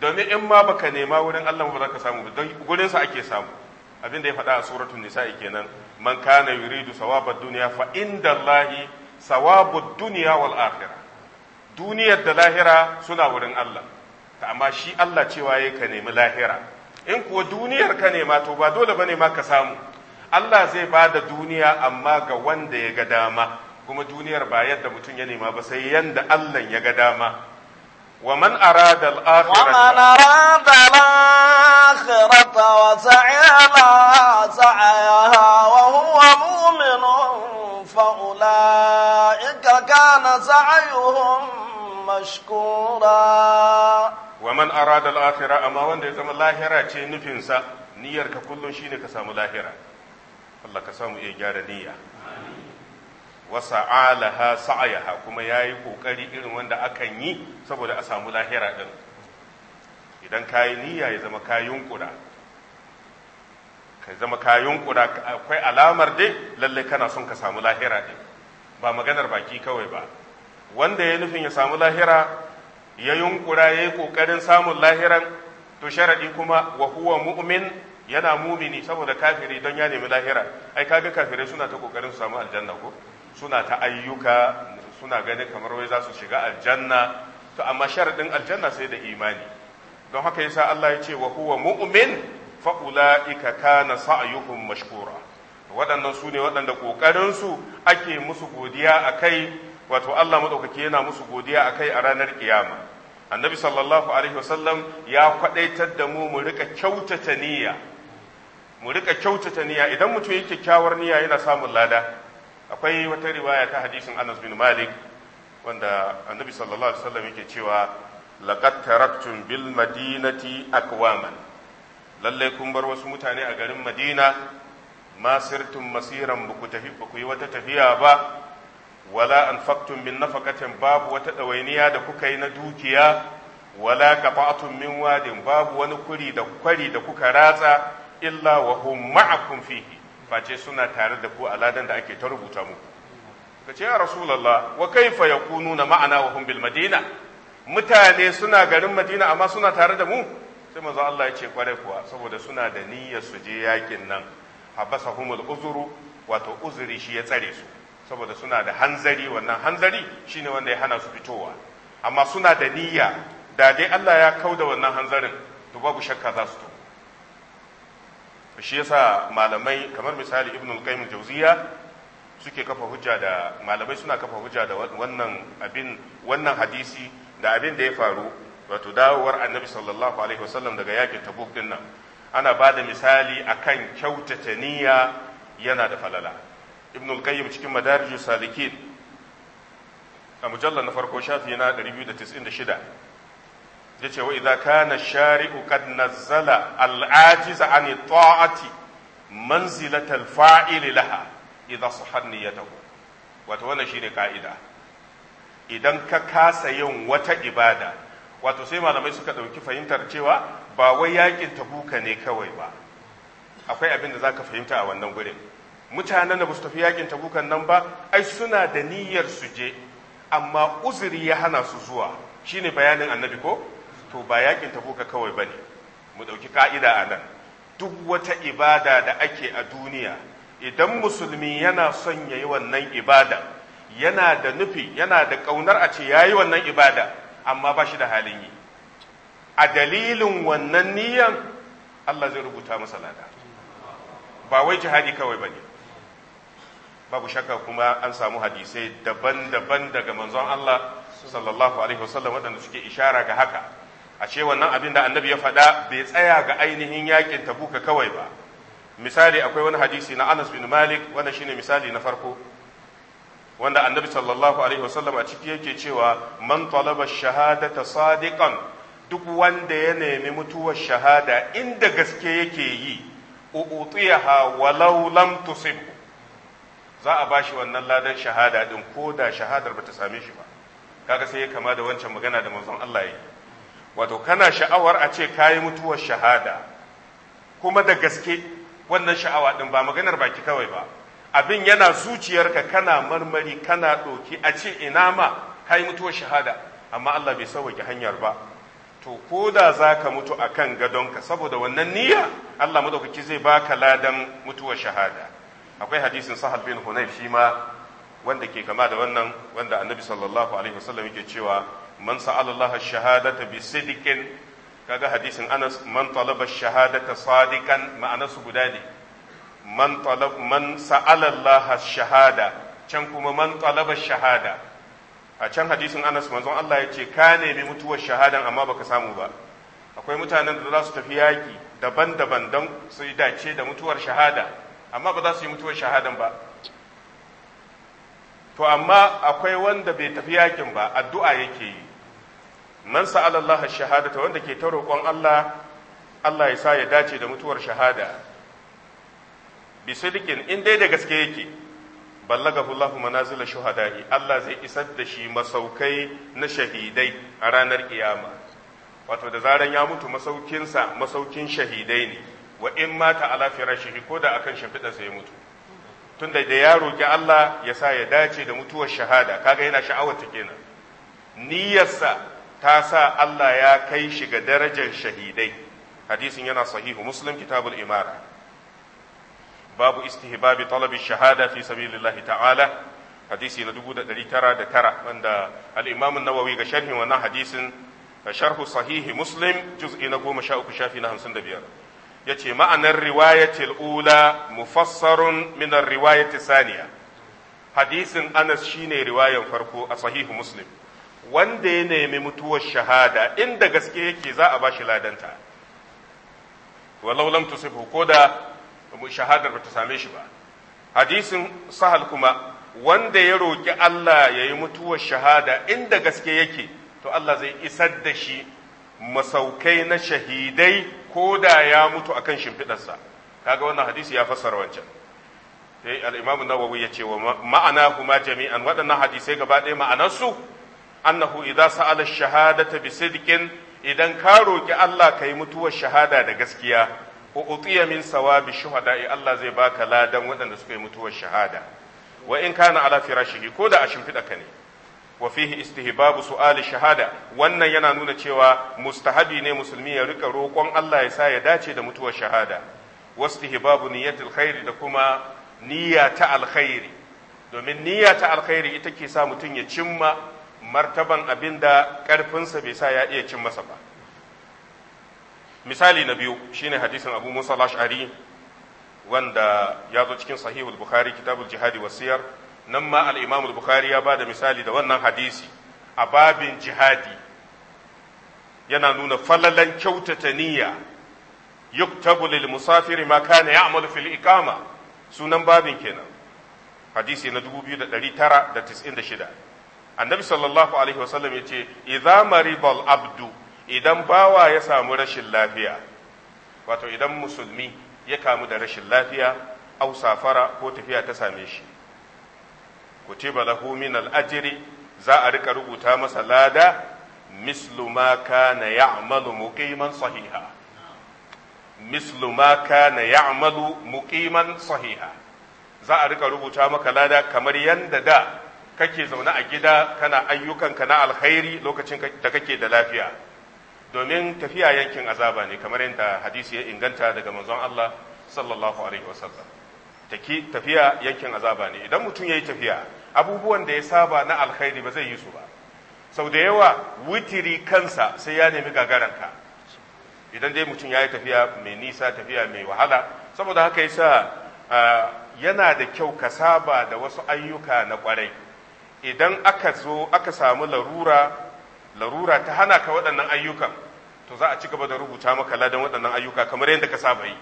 domin in ma baka nema wurin Allah ba za ka samu don gurin sa ake samu abin da ya faɗa a suratul nisa'i kenan man kana yuridu sawabad dunya fa indallahi sawabud dunya wal akhirah duniyar da lahira suna wurin Allah amma shi Allah cewa ya ka nemi lahira in kuwa duniyar ka nema to ba dole bane ma ka samu Allah zai ba da duniya amma ga wanda ya ga dama kuma duniyar ba yadda mutum ya nema ba sai yanda Allah ya ga dama wa man arada al-akhirata wa man arada al-akhirata wa sa'ala sa'aha wa huwa mu'minun fa ulaika kana sa'yuhum mashkura wa man arada al-akhirata amma wanda ya zama lahira ce nufinsa niyyarka kullun shine ka samu lahira Allah ka samu iya gyara niyya wasa alaha sa'ayaha kuma ya yi ƙoƙari irin wanda akan yi saboda a samu lahira ɗin idan ka yi niyya ya zama ka yunƙura ka zama ka yunƙura akwai alamar dai lallai kana son ka samu lahira ɗin ba maganar baki kawai ba wanda ya nufin ya samu lahira ya yunƙura ya yi ƙoƙarin samun lahiran to sharaɗi kuma wa huwa mu'min yana mumini saboda kafiri don ya nemi lahira ai kaga kafirai suna ta ƙoƙarin su samu aljanna ko suna ta ayyuka suna ganin kamar wai za su shiga aljanna to amma sharadin aljanna sai da imani don haka yasa Allah ya ce wa huwa mu'min fa ulaika kana sa'yuhum mashkura waɗannan su ne waɗanda ƙoƙarinsu ake musu godiya a kai wato Allah maɗaukaki yana musu godiya a kai a ranar kiyama annabi sallallahu alaihi wasallam ya kwaɗaitar da mu mu rika kyautata niyya mu riƙa kyautata niyya idan mutum yake kyawar niyya yana samun lada akwai wata riwaya ta hadisin Anas bin Malik wanda annabi sallallahu alaihi wasallam yake cewa laqad taraktum bil madinati aqwaman lalle kun bar wasu mutane a garin Madina ma sirtum masiran ba ku tafi ku yi wata tafiya ba wala anfaqtum min nafaqatin babu wata dawainiya da kuka yi na dukiya wala qata'tum min wadin babu wani kuri da kwari da kuka ratsa illa wa hum ma'akum fihi face suna tare da ku a ladan da ake ta rubuta mu ka ce ya rasulallah wa kaifa yakunu na ma'ana wa hum bil madina mutane suna garin madina amma suna tare da mu sai manzo Allah ya ce kware kuwa saboda suna da niyyar su je yakin nan humul uzuru wato uzuri shi ya tsare su saboda suna da hanzari wannan hanzari shine wanda ya hana su fitowa amma suna da niyya da dai Allah ya kauda wannan hanzarin to babu shakka za su shi yasa malamai kamar misali ibn al-qayyim jawziya suke kafa hujja da malamai suna kafa hujja da wannan abin wannan hadisi da abin da ya faru wato dawowar annabi sallallahu alaihi wasallam daga yakin tabuk din nan ana ba da misali akan kyautata niyya yana da falala ibn al-qayyim cikin madarijus salikin a mujallar na farko shafi na 296 ce wa idza kana shari'u qad nazzala al-ajiz an ta'ati manzilata al-fa'il laha idza sahha niyyatuhu wato wannan shine ka'ida idan ka kasa yin wata ibada wato sai malamai suka ɗauki fahimtar cewa ba wai yakin tabuka ne kawai ba akwai abin da zaka fahimta a wannan gurin mutanen da ba su tafi yakin tabukan nan ba ai suna da niyyar su je amma uzuri ya hana su zuwa shine bayanin annabi ko to ba yakin tabuka kawai ba ne mu ɗauki ka'ida a nan duk wata ibada da ake a duniya idan musulmi yana son ya yi wannan ibada yana da nufi yana da ƙaunar a ce ya yi wannan ibada amma ba shi da halin yi a dalilin wannan niyan Allah zai rubuta masa lada ba wai jihadi kawai ba ba babu shakka kuma an samu hadisai daban-daban daga manzon Allah sallallahu alaihi wasallam waɗanda suke ishara ga haka a ce wannan abin da annabi ya faɗa bai tsaya ga ainihin yakin tabuka kawai ba misali akwai wani hadisi na Anas bin Malik wanda shine misali na farko wanda annabi sallallahu alaihi wasallam a ciki yake cewa man talaba shahadata sadiqan duk wanda ya nemi mutuwar shahada inda gaske yake yi uutiyaha walau lam tusib za a bashi wannan ladan shahada din ko da shahadar bata same shi ba kaga sai ya kama da wancan magana da manzon Allah yi wato kana sha'awar a ce kayi mutuwar shahada kuma da gaske wannan sha'awa din ba maganar baki kawai ba abin yana zuciyarka kana marmari kana ɗoki a ce ina ma kayi mutuwar shahada amma Allah bai sauwake hanyar ba to ko da za ka mutu a kan gadonka saboda wannan niyya Allah madaukaki zai baka ladan mutuwar shahada akwai hadisin sahal bin hunayf shi ma wanda ke kama da wannan wanda annabi sallallahu alaihi wasallam yake cewa man sa'ala Allah shahadata bi sidikin kaga hadisin Anas man talaba shahadata sadikan ma'anarsu guda ne man talab man sa'ala Allah shahada can kuma man talaba shahada a can hadisin Anas manzon Allah ya ce ka nemi mutuwar amma samu ba akwai mutanen da za su tafi yaƙi daban-daban don su yi dace da mutuwar shahada amma ba za su yi mutuwar shahadan ba to amma akwai wanda bai tafi yakin ba addu'a yake yi man sa'ala Allah shahadata wanda ke ta roƙon Allah Allah ya sa ya dace da mutuwar shahada bi in dai da gaske yake ballagahu Allahu manazila shuhada'i Allah zai isar da shi masaukai na shahidai a ranar kiyama wato da zaran ya mutu masaukinsa masaukin shahidai ne wa in mata ala firashihi ko da akan sai ya mutu tunda da ya roƙi Allah ya sa ya dace da mutuwar shahada kaga yana sha'awar ta kenan niyyarsa ta sa Allah ya kai shi ga darajar shahidai hadisin yana sahihu muslim kitabul imara babu istihbabi talabi shahada fi sabilillahi ta'ala hadisi na 1909 wanda al-imam an-nawawi ga sharhin wannan hadisin sharhu sahihi muslim juz'i na 13 shafi na 55 yace ma'anar riwayatil ula mufassarun min ar-riwayati thaniya hadisin Anas shine riwayan farko a sahihu muslim wanda ya nemi mutuwar shahada inda gaske yake za a bashi ladanta walaulam ta sifu ko da shahadar bata same shi ba hadisin sahal kuma wanda ya roƙi Allah ya yi mutuwar shahada inda gaske yake to Allah zai isar da shi masaukai na shahidai ko da ya mutu akan shimfiɗarsa kaga wannan hadisi ya fassara wancan sai al-imam nawawi ya ce wa ma'ana kuma jami'an waɗannan hadisai gaba ɗaya su. annahu idza sa'ala shahadata bi sidqin idan ka roki Allah kai mutuwar shahada da gaskiya u'tiya min sawabi shuhada'i Allah zai baka ladan waɗanda suka yi mutuwar shahada wa in kana ala firashihi ko da a shimfiɗa ka ne wa fihi istihbabu su'ali shahada wannan yana nuna cewa mustahabi ne musulmi ya rika roƙon Allah ya sa ya dace da mutuwar shahada wastihbabu niyyatul khairi da kuma niyya ta alkhairi domin niyya ta alkhairi ita ke sa mutum ya cimma martaban abin da ƙarfinsa bai sa ya iya cin masa ba misali na biyu shine hadisin abu musa lash'ari wanda ya zo cikin sahihul bukhari kitabul jihadi wasiyar nan ma al bukhari ya ba da misali da wannan hadisi a babin jihadi yana nuna falalan kyautata niyya yuktabu lil musafiri ma kana ya'malu fil iqama sunan babin kenan hadisi na 2996 annabi sallallahu alaihi wasallam ya ce idza maribal abdu idan bawa ya samu rashin lafiya wato idan musulmi ya kamu da rashin lafiya au safara ko tafiya ta same shi kutiba lahu min al ajri za a rika rubuta masa lada mislu ma kana ya'malu muqiman sahiha mislu ma kana ya'malu muqiman sahiha za a rika rubuta maka lada kamar yanda da kake zaune a gida kana ayyukan ka na alkhairi lokacin da kake da lafiya domin tafiya yankin azaba ne kamar yadda hadisi ya inganta daga manzon Allah sallallahu alaihi wasallam take tafiya yankin azaba ne idan mutum ya yi tafiya abubuwan da ya saba na alkhairi ba zai yi su ba sau da yawa witiri kansa sai ya nemi gagaranka idan dai mutum ya yi tafiya mai nisa tafiya mai wahala saboda haka yasa ah, yana da kyau ka saba da wasu ayyuka na kwarai idan aka zo aka samu larura larura ta hana ka waɗannan ayyukan to za a ci gaba da rubuta maka ladan waɗannan ayyuka kamar yadda ka saba yi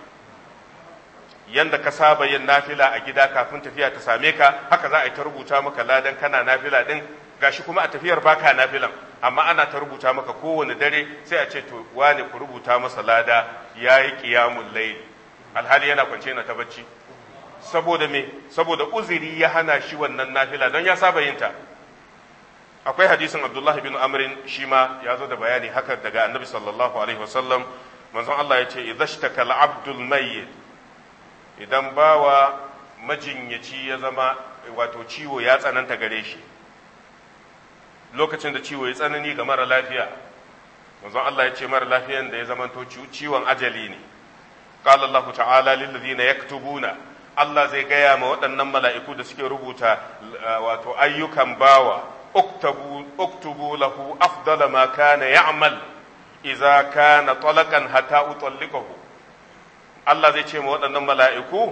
yadda ka saba yin nafila a gida kafin tafiya ta same ka haka za a yi ta rubuta maka ladan kana nafila din gashi kuma a tafiyar baka nafilan amma ana ta rubuta maka kowane dare sai a ce to wane ku rubuta masa lada yayi qiyamul layl alhali yana kwance na ta bacci saboda me saboda uzuri ya hana shi wannan nafila don ya saba yinta akwai hadisin Abdullahi bin amrin shi ma ya zo da bayani haka daga annabi sallallahu alaihi wasallam manzon Allah ya ce idhashtaka al-abdul mayyit idan bawa majinyaci ya zama wato ciwo ya tsananta gare shi lokacin da ciwo ya tsanani ga mara lafiya manzon Allah ya ce mara lafiyan da ya zamanto ciwon ajali ne qala Allah ta'ala lil ladina yaktubuna Allah zai gaya ma waɗannan mala'iku da suke rubuta eh, wato ayyukan bawa uktubu lahu afdala ma kana ya'mal iza kana talakan hata utallikahu Allah zai ce ma waɗannan mala'iku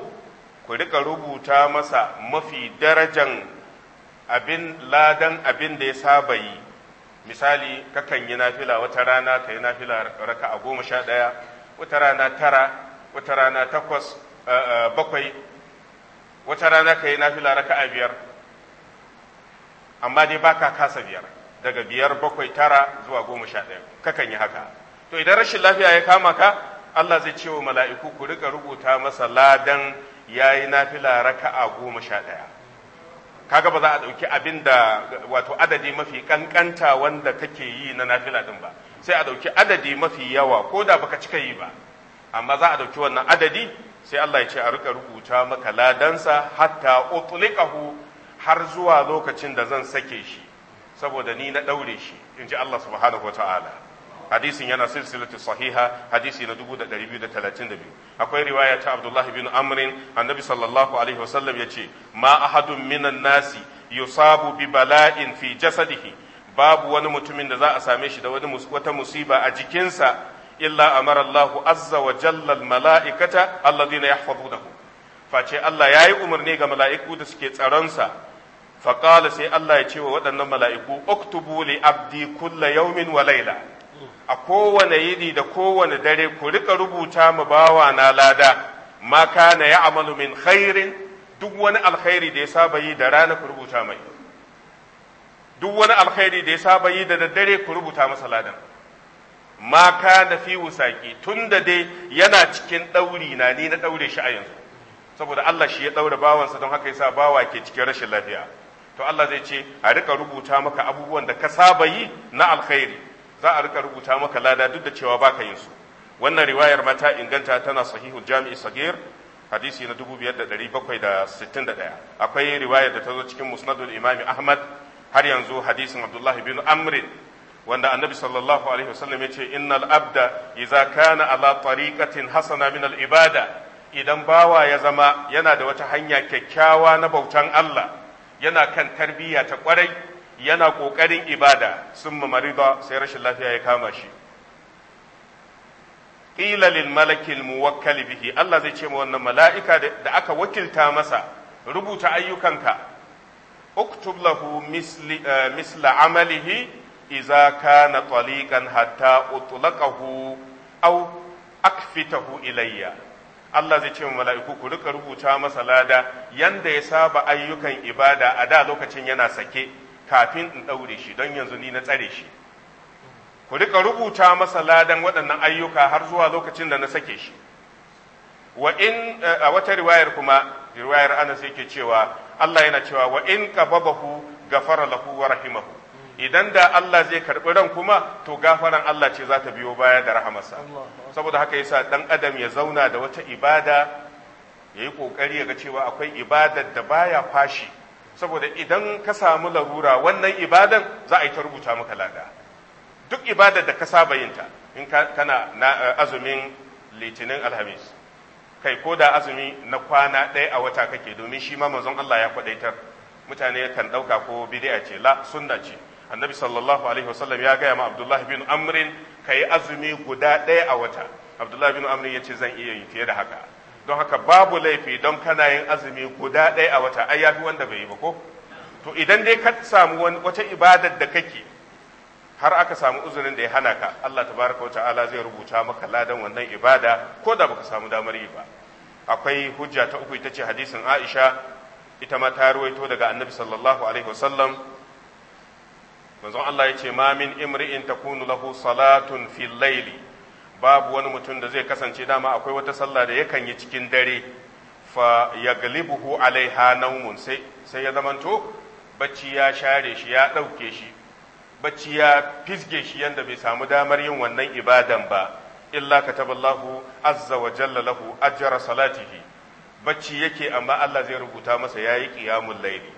ku rika rubuta masa mafi darajan abin ladan abin da ya saba yi misali kakan yi nafila wata rana ka yi nafila raka a goma sha ɗaya wata rana tara wata rana takwas eh, eh, bakwai wata rana ka yi nafila a biyar amma dai baka kasa biyar daga biyar bakwai tara zuwa goma sha ɗaya kakan yi haka to idan rashin lafiya ya kama ka Allah zai ce wa mala'iku ku rika rubuta masa ladan ya yi nafila a goma sha ɗaya kaga ba za a ɗauki abin da wato adadi mafi ƙanƙanta wanda kake yi na nafila ɗin ba sai a ɗauki adadi mafi yawa ko da baka cika yi ba amma za a ɗauki wannan adadi sai Allah ya ce a rika rubuta maka ladansa hatta utliqahu har zuwa lokacin da zan sake shi saboda ni na daure shi in ji Allah subhanahu wataala hadisin yana silsilatu sahiha hadisi na 2232 akwai riwaya ta abdullahi bin Amr annabi sallallahu alaihi wasallam yace ma ahadun minan nasi yusabu bi bala'in fi jasadihi babu wani mutumin da za a same shi da wata musiba a jikinsa illa amara Allah azza wa jalla al mala'ikata alladhina yahfazunahu face Allah yayi umarni ga mala'iku da suke tsaron sa fa qala sai Allah ya ce wa waɗannan mala'iku uktubu li abdi kulla yawmin wa layla a kowane yini da kowane dare ku rika rubuta mu bawa na lada ma kana ya'malu min khairin duk wani alkhairi da ya saba yi da rana ku rubuta mai duk wani alkhairi da ya saba yi da daddare ku rubuta masa ladan ma kana fi wusaki da dai yana cikin ɗauri na ni na ɗaure shi a yanzu saboda Allah shi ya ɗaure bawansa don haka yasa bawa ke cikin rashin lafiya to Allah zai ce a rika rubuta maka abubuwan da ka saba yi na alkhairi za a rika rubuta maka lada duk da cewa baka yin su wannan riwayar mata inganta tana sahihu jami'i sagir hadisi na 5761 akwai riwayar da ta zo cikin musnadul imami ahmad har yanzu hadisin abdullahi bin amr wanda annabi sallallahu alaihi wasallam yace innal abda idza kana ala tariqatin hasana min al ibada idan bawa ya zama yana da wata hanya kyakkyawa na bautan Allah yana kan tarbiyya ta kwarai yana kokarin ibada sun marida sai rashin lafiya ya kama shi qila lil malaki al muwakkal bihi Allah zai ce ma wannan mala'ika da aka wakilta masa rubuta ayyukanka uktub lahu eh, misla amalihi iza kana taliqan hatta utlaqahu aw akfitahu ilayya Allah zai ce wa mala'iku ku rika rubuta masa lada yanda ya saba ayyukan ibada a da lokacin yana sake kafin in ɗaure shi don yanzu ni na tsare shi ku rika rubuta masa ladan waɗannan ayyuka har zuwa lokacin da na sake shi wa in a wata riwayar kuma riwayar anas yake cewa Allah yana cewa wa in qababahu gafara lahu wa rahimahu idan da Allah zai karɓi ran kuma to gafaran Allah ce za ta biyo baya da rahamarsa saboda haka yasa dan adam ya zauna da wata ibada ya yi ƙoƙari ya ga cewa akwai ibadar da baya fashi saboda idan ka samu larura wannan ibadan za a yi ta rubuta maka lada duk ibadar da ka saba yinta in kana na eh, azumin litinin alhamis kai ko da azumi na kwana ɗaya a wata kake domin shi ma manzon Allah ya kwadaitar mutane kan ɗauka ko bid'a ce la sunna ce annabi sallallahu alaihi wasallam ya gaya ma abdullahi bin amrin ka yi azumi guda ɗaya a wata abdullahi bin amrin ya ce zan iya yi fiye da haka don haka babu laifi don kana yin azumi guda ɗaya a wata ai yafi wanda bai yi ba ko to idan dai ka samu wata ibadar da kake har aka samu uzurin da ya hana ka Allah tabaraka wa ta'ala zai rubuta maka ladan wannan ibada ko da baka samu damar yi ba akwai hujja ta uku ita ce hadisin Aisha ita ma ta ruwaito daga Annabi sallallahu alaihi wasallam manzon Allah ya ce mamin imri'in takunu lahu salatun fil babu wani mutum da zai kasance dama akwai wata sallah da yakan yi cikin dare fa yaglibuhu alaiha naumun sai sai ya zamanto bacci ya share shi ya ɗauke shi bacci ya fisge shi yanda bai samu damar yin wannan ibadan ba illa kataballahu azza wa jalla lahu ajra salatihi bacci yake amma Allah zai rubuta masa yayi qiyamul laili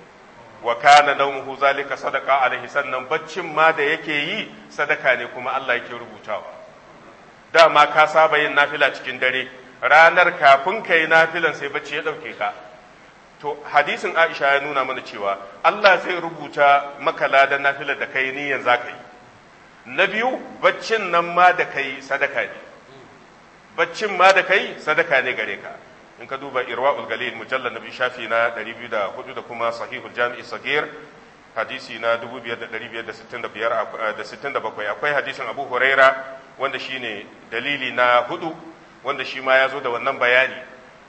wa kana nawmuhu zalika sadaqa alaihi sannan baccin ma da yake yi sadaka ne kuma Allah yake rubutawa dama ka saba yin nafila cikin dare ranar kafin ka yi nafilan sai bacci ya ɗauke ka to hadisin aisha ya nuna mana cewa allah zai rubuta maka ladan nafilar da kai niyan yanzu ka yi na biyu baccin nan ma da kai sadaka ne baccin ma da kai sadaka ne gare ka in ka duba irwa'ul galil mujallal nabi shafi na 204 da kuma sahihul jami'i sagir hadisi na 5567 eh, akwai hadisin abu huraira wanda shi ne dalili na hudu wanda shi ma ya zo da wannan bayani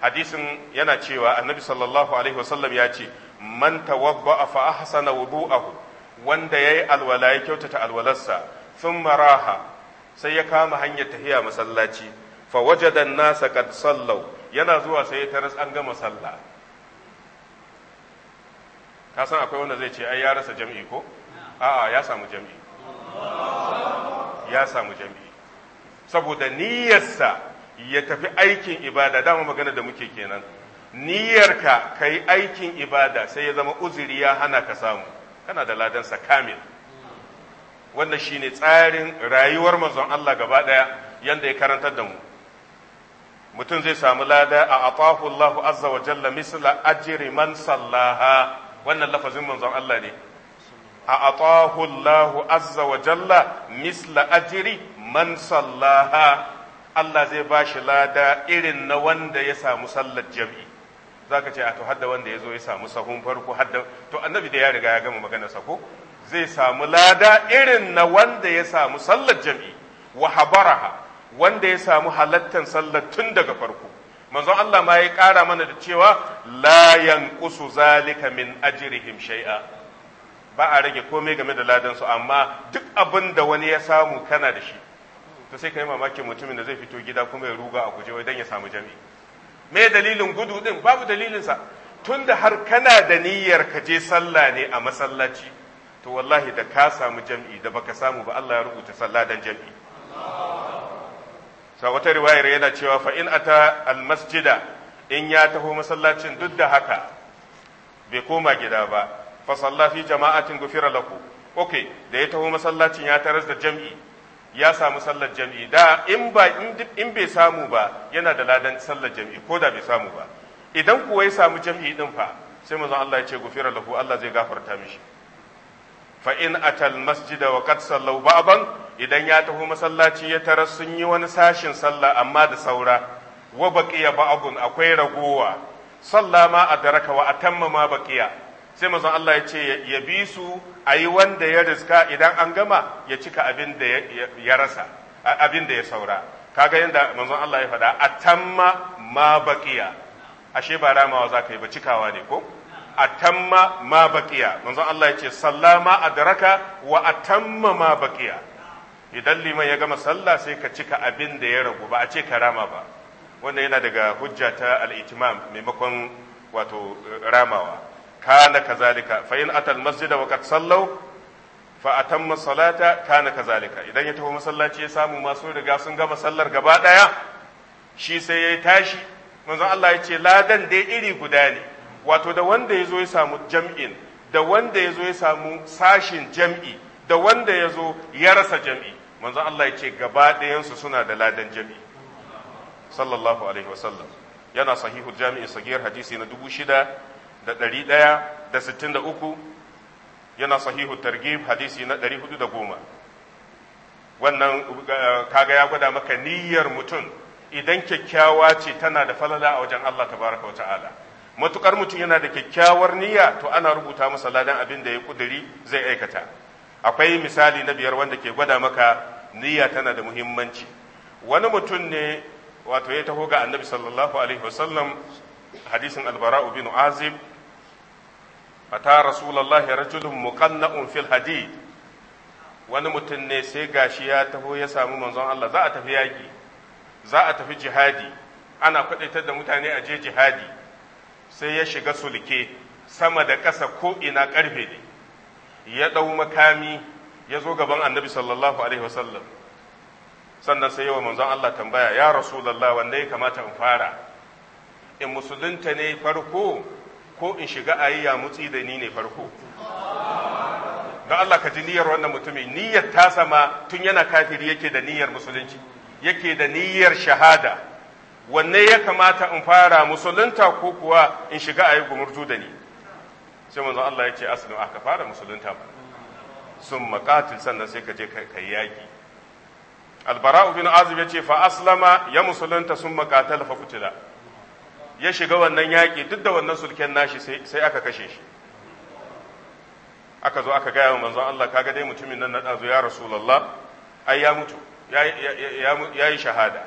hadisin yana cewa annabi sallallahu alaihi wasallam ya ce man tawabba fa ahsana wudu'ahu wanda yayi alwala ya kyautata alwalarsa sun maraha sai ya kama hanyar tahiya masallaci fa wajada an-nasa qad sallau yana zuwa sai ya taras an gama sallah ka san akwai wanda zai ce ai ya rasa jam'i ko a'a ya samu jam'i ya samu jam'i saboda niyyarsa ya tafi aikin ibada dama magana da muke kenan niyyarka ka yi aikin ibada sai ya zama uzuri ya hana ka samu kana da ladansa kamil wannan shine tsarin rayuwar manzon Allah gaba ɗaya yanda ya karantar da mu mutum zai samu lada a atahu Allahu azza wa jalla misla ajri man sallaha wannan lafazin manzon Allah ne a atahu Allahu azza wa jalla misla ajri man sallaha Allah zai ba shi lada irin na wanda ya samu sallar jami'i zaka ce a to hadda wanda ya zo ya samu sahun farko hadda to annabi da ya riga ya gama maganar sa ko zai samu lada irin na wanda ya samu sallar jami'i wa habaraha wanda ya samu halattan sallar tun daga farko manzon Allah ma ya kara mana da cewa layan yanqusu zalika min ajrihim shay'a ba a rage komai game da ladan su amma duk abin da wani ya samu kana da shi to sai kai mamakin mutumin da zai fito gida kuma ya ruga a guje wai dan ya samu jam'i, me dalilin gudu din babu dalilin sa tunda har kana da niyyar ka je sallah ne a masallaci to wallahi da ka samu jam'i da baka samu ba Allah ya rubuta sallah dan jami'i sa wata riwayar yana cewa fa in ata almasjida in ya taho masallacin duk da haka bai koma gida ba fa salla fi jama'atin gufira laku okay da ya taho masallacin ya taras da jam'i ya samu sallar jam'i da in bai samu ba yana da ladan sallar jam'i ko da bai samu ba idan kuwa ya samu jam'i din fa sai manzon Allah ya ce gufira laku Allah zai gafarta mishi fa in atal masjida wa qad sallau ba'ban idan ya taho masallaci ya tarar sun yi wani sashin sallah amma da saura wa baqiya ba'dun akwai ragowa salla ma adraka wa atamma ma baqiya sai manzon Allah ya ce ya bi su ayi wanda ya riska idan an gama ya cika abin da ya rasa abin da ya saura kaga yanda manzon Allah ya faɗa atamma ma baqiya ashe ba ramawa zaka yi ba cikawa ne ko atamma ma baqiya manzon Allah ya ce sallama adraka wa atamma ma baqiya idan liman ya gama sallah sai ka cika abin da ya ragu ba a ce ka rama ba wanda yana daga hujja ta al-itimam maimakon wato eh, ramawa kana kazalika fa in atal masjida wa qad sallau fa atamma salata kana kazalika idan ya tafi masallaci ya samu masu riga sun gama sallar gaba daya shi sai ya tashi manzon Allah ya ce ladan dai iri guda ne wato da wanda ya zo ya samu jam'in da wanda ya zo ya samu sashin jam'i da wanda ya zo ya rasa jam'i manzon Allah ya ce gaba ɗayansu suna da ladan jami sallallahu alaihi wasallam yana sahihul jami'i sagir hadisi na dubu shida da ɗari ɗaya da sittin da uku yana sahihul targhib hadisi na ɗari hudu da goma wannan kaga ya gwada maka niyyar mutum idan kyakkyawa ce tana da falala a wajen Allah tabaraka wa ta'ala matukar mutum yana da kyakkyawar niyya to ana rubuta masa ladan abin da ya kuduri zai aikata akwai misali na biyar wanda ke gwada maka niyya tana da muhimmanci wani mutum ne wato ya taho ga annabi sallallahu alaihi wasallam hadisin albara'u bin azib ata ya rajulun muqanna'un fil hadid wani mutum ne sai gashi ya taho ya samu manzon Allah za a tafi yaƙi za a tafi jihadi ana kwadaitar da mutane a je jihadi sai ya shiga sulke sama da ƙasa ko ina karfe ne ya ɗau makami ya zo gaban annabi sallallahu alaihi wasallam sannan sai yawa manzon Allah tambaya ya rasulallah wanda ya kamata in fara in musulunta ne farko ko in shiga ya mutsi da ni ne farko don Allah ka ji niyyar wannan mutumin niyyar ta sama tun yana kafiri yake da niyyar musulunci yake da niyyar shahada wanne ya kamata in fara musulunta ko kuwa in shiga ayi murtu da ni sai manzon Allah ya ce aslim aka fara musulunta sun maqatil sannan sai ka je ka yaki albara'u bin azib ya ce fa aslama ya musulunta sun maqatal fa kutila ya shiga wannan yaki duk da wannan sulken nashi sai aka kashe shi aka zo aka gaya wa manzon Allah kaga dai mutumin nan na ɗazu ya rasulullah ai ya mutu ya yi shahada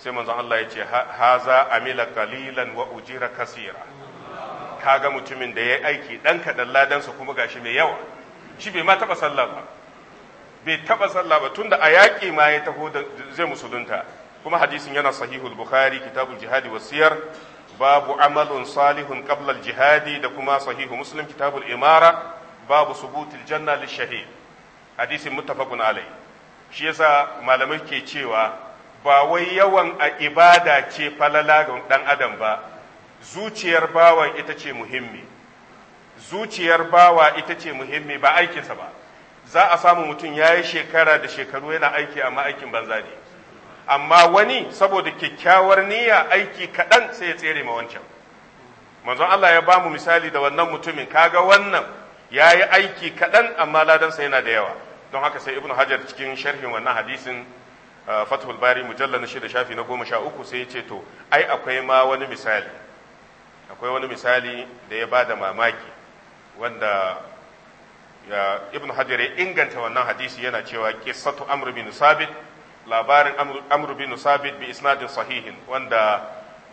sai manzon Allah ya ce haza amila qalilan wa ujira kasira ga mutumin da ya yi aiki ɗan kaɗan ladansa kuma gashi mai yawa shi bai ma taɓa sallah ba bai taɓa sallah ba tunda a yaƙi ma ya taho da zai musulunta kuma hadisin yana sahihul bukhari kitabul jihadi wasiyar babu amalun salihun qablal jihadi da kuma sahihu muslim kitabul imara babu subutul janna lishahid hadisin muttafaqun alai shi yasa malamai ke cewa ba wai yawan a ibada ce falala ga dan adam ba zuciyar bawan ita ce muhimmi zuciyar bawa ita ce muhimmi ba aikinsa ba za a samu mutum ya yi shekara da shekaru yana aiki amma aikin banza ne amma wani saboda kyakkyawar niyya aiki kaɗan sai ya tsere ma wancan manzon Allah ya ba mu misali da wannan mutumin kaga wannan ya yi aiki kaɗan amma ladansa yana da yawa don haka sai ibnu hajar cikin sharhin wannan hadisin uh, fathul bari mujallar na shida shafi na goma sha uku sai ya ce to ai akwai ma wani misali akwai wani misali da ya ba da mamaki wanda ya ibn hajar ya inganta wannan hadisi yana cewa qissatu amr bin sabit labarin amr bin sabit bi isnadin sahihin wanda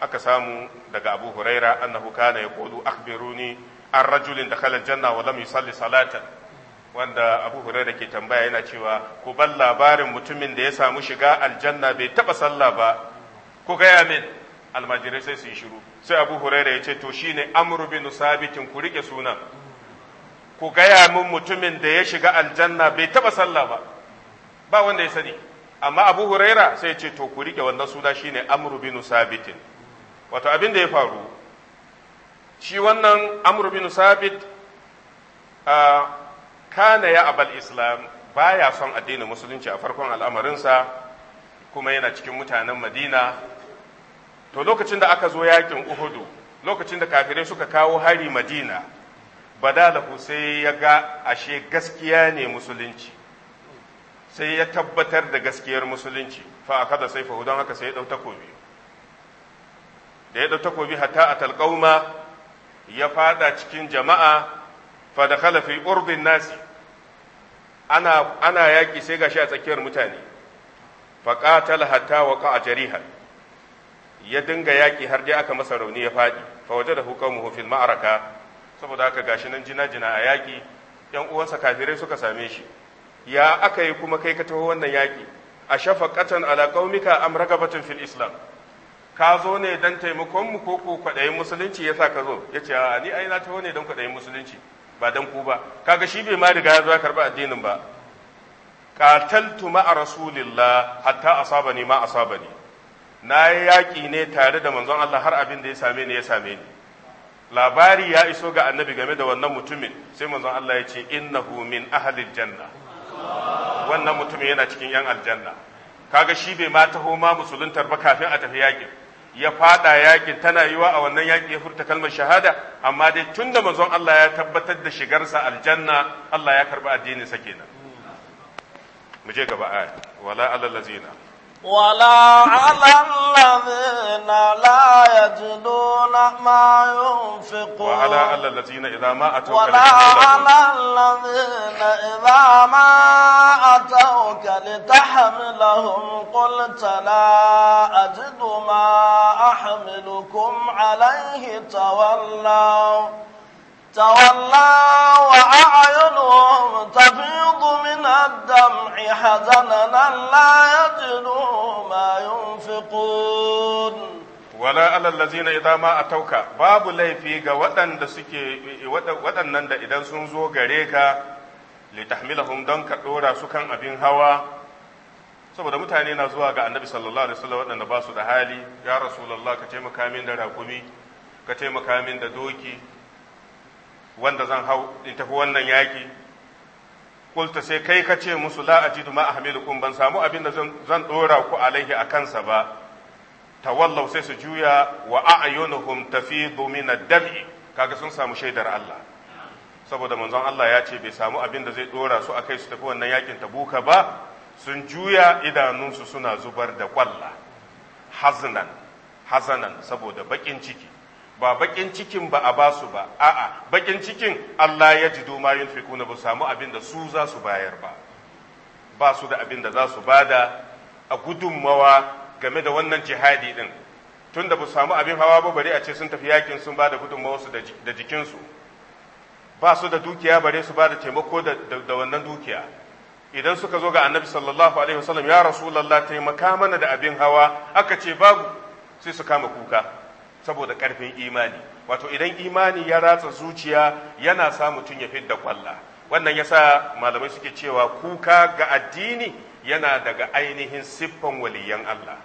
aka samu daga abu huraira annahu kana yaqulu akhbiruni an rajulin dakhala janna wa lam yusalli salatan wanda abu huraira ke tambaya yana cewa ku ban labarin mutumin da ya samu shiga aljanna bai taba sallah ba ku gaya min almajirai sai su yi shiru sai abu huraira ya ce to shine amru bin sabitin ku rike sunan ku gaya min mutumin da ya shiga aljanna bai taba sallah ba ba wanda ya sani amma abu huraira sai ce to ku rike wannan suna shine amru bin sabitin wato abin da ya faru shi wannan amru bin sabit kana ya abal islam baya son addinin musulunci a farkon al'amarinsa kuma yana cikin mutanen madina to lokacin da aka zo yakin uhudu lokacin da kafirai suka kawo hari madina badalahu sai ya ga ashe gaskiya ne musulunci sai ya tabbatar da gaskiyar musulunci fa aka da sai don haka sai ya ɗau takobi da ya ɗau takobi hatta a Qauma ya fada cikin jama'a fa da fi urdin nasi ana yaƙi sai gashi a tsakiyar mutane fa ƙatal hatta wa a jarihan ya dinga yaƙi har dai aka masa rauni ya faɗi fa waje da hukamu fil ma'araka saboda haka gashi nan jina jina a yaƙi yan uwansa kafirai suka same shi ya aka yi kuma kai ka taho wannan yaƙi a shafaqatan ala qaumika am batun fil islam ka zo ne dan taimakon mu ko ko kwadayin musulunci yasa ka zo yace a ni ai na taho ne dan kwadayin musulunci ba dan ku ba kaga shi bai ma riga ya zo karba addinin ba qataltu ma'a rasulillah hatta asabani ma asabani na yi yaƙi ne tare da manzon Allah har abin da ya same ni ya same ni labari ya iso ga annabi game da wannan mutumin sai manzon Allah ya ce innahu min ahlil janna wannan mutumin yana cikin yan aljanna kaga shi bai ma taho ma musuluntar ba kafin a tafi yaƙin ya fada yaƙin tana yiwa a wannan yaƙi ya furta kalmar shahada amma dai tun da manzon Allah ya tabbatar da shigarsa aljanna Allah ya karba addinin sa kenan mu je gaba aya wala alal ladzina ولا على الذين لا يجدون ما ينفقون وعلى الذين إذا ما أتوك ولا على الذين إذا ما أتوك لتحملهم قلت لا أجد ما أحملكم عليه تولوا تولى وأعينهم تفيض من الدمع حزنا لا يجدوا ما ينفقون wala على الذين إذا ما أتوك babu laifi ga waɗanda suke waɗannan da idan sun zo لتحملهم دنك litahmilahum don ka ɗora hawa saboda mutane na zuwa ga annabi sallallahu alaihi wasallam wadanda ba su da hali ya rasulullah ka taimaka min da rakumi ka taimaka min da doki wanda zan hau in tafi wannan yaki kulta sai kai ka ce musu la a ma ahmilukum ban samu abin da zan dora ku alaihi a kansa ba wallau sai su juya wa a'yunuhum tafi min dami kaga sun samu shaidar Allah saboda manzon Allah ya ce bai samu abin da zai dora su kai su tafi wannan yakin tabuka ba sun juya idanunsu suna zubar da kwalla hazanan hazanan saboda bakin ciki ba bakin cikin ba a basu ba a'a bakin cikin Allah ya ji ma yunfikuna ba samu abin da su za su bayar ba ba su da abin da za su bada a gudunmawa game da wannan jihadi din tun da ba samu abin hawa ba bari a ce sun tafi yakin sun bada su da jikinsu ba su da dukiya bare su bada taimako da wannan dukiya idan suka zo ga annabi sallallahu alaihi wasallam ya rasulullah taimaka mana da abin hawa aka ce babu sai su kama kuka saboda ƙarfin imani wato idan imani ya ratsa zuciya yana sa mutum ya fidda kwalla wannan yasa malamai suke cewa kuka ga addini yana daga ainihin siffan waliyan Allah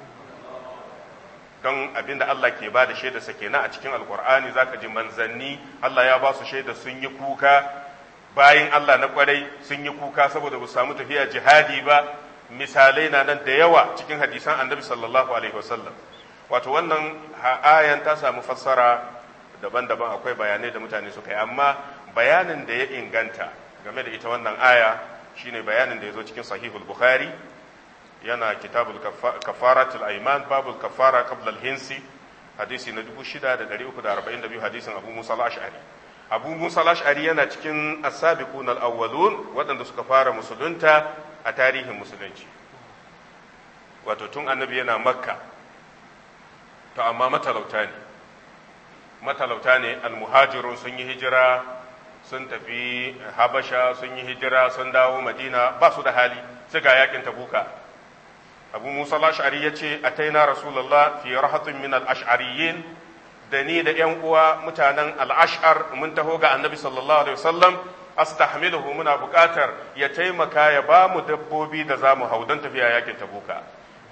don abinda Allah ke ba da sake kenan a cikin alkur'ani zaka ji manzanni Allah ya ba su shaida sun yi kuka bayin Allah na kwarai sun yi kuka saboda ba samu tafiya jihadi ba misalai na nan da yawa cikin hadisan annabi sallallahu alaihi wasallam wato wannan ayan ta samu fassara daban-daban akwai bayanai da mutane suka yi amma bayanin da ya inganta game da ita wannan aya shine bayanin da ya zo cikin sahihul bukhari yana kitabul kafaratul aiman babul kafara qabla hinsi hadisi na 6342 hadisin abu musa al-ash'ari abu musa al-ash'ari yana cikin as na al-awwalun waɗanda suka fara musulunta a tarihin musulunci wato tun annabi yana makka to amma matalauta ne matalauta ne almuhajirun sun yi hijira sun tafi habasha sun yi hijira sun dawo madina ba su da hali sai ga yakin tabuka abu musa al-ash'ari ya ce taina rasulallah fi rahatin min al-ash'ariyin da ni da yan uwa mutanen al-ash'ar mun taho ga annabi sallallahu alaihi wasallam astahmiluhu muna buƙatar ya taimaka ya ba mu dabbobi da za mu hau don tafiya yakin tabuka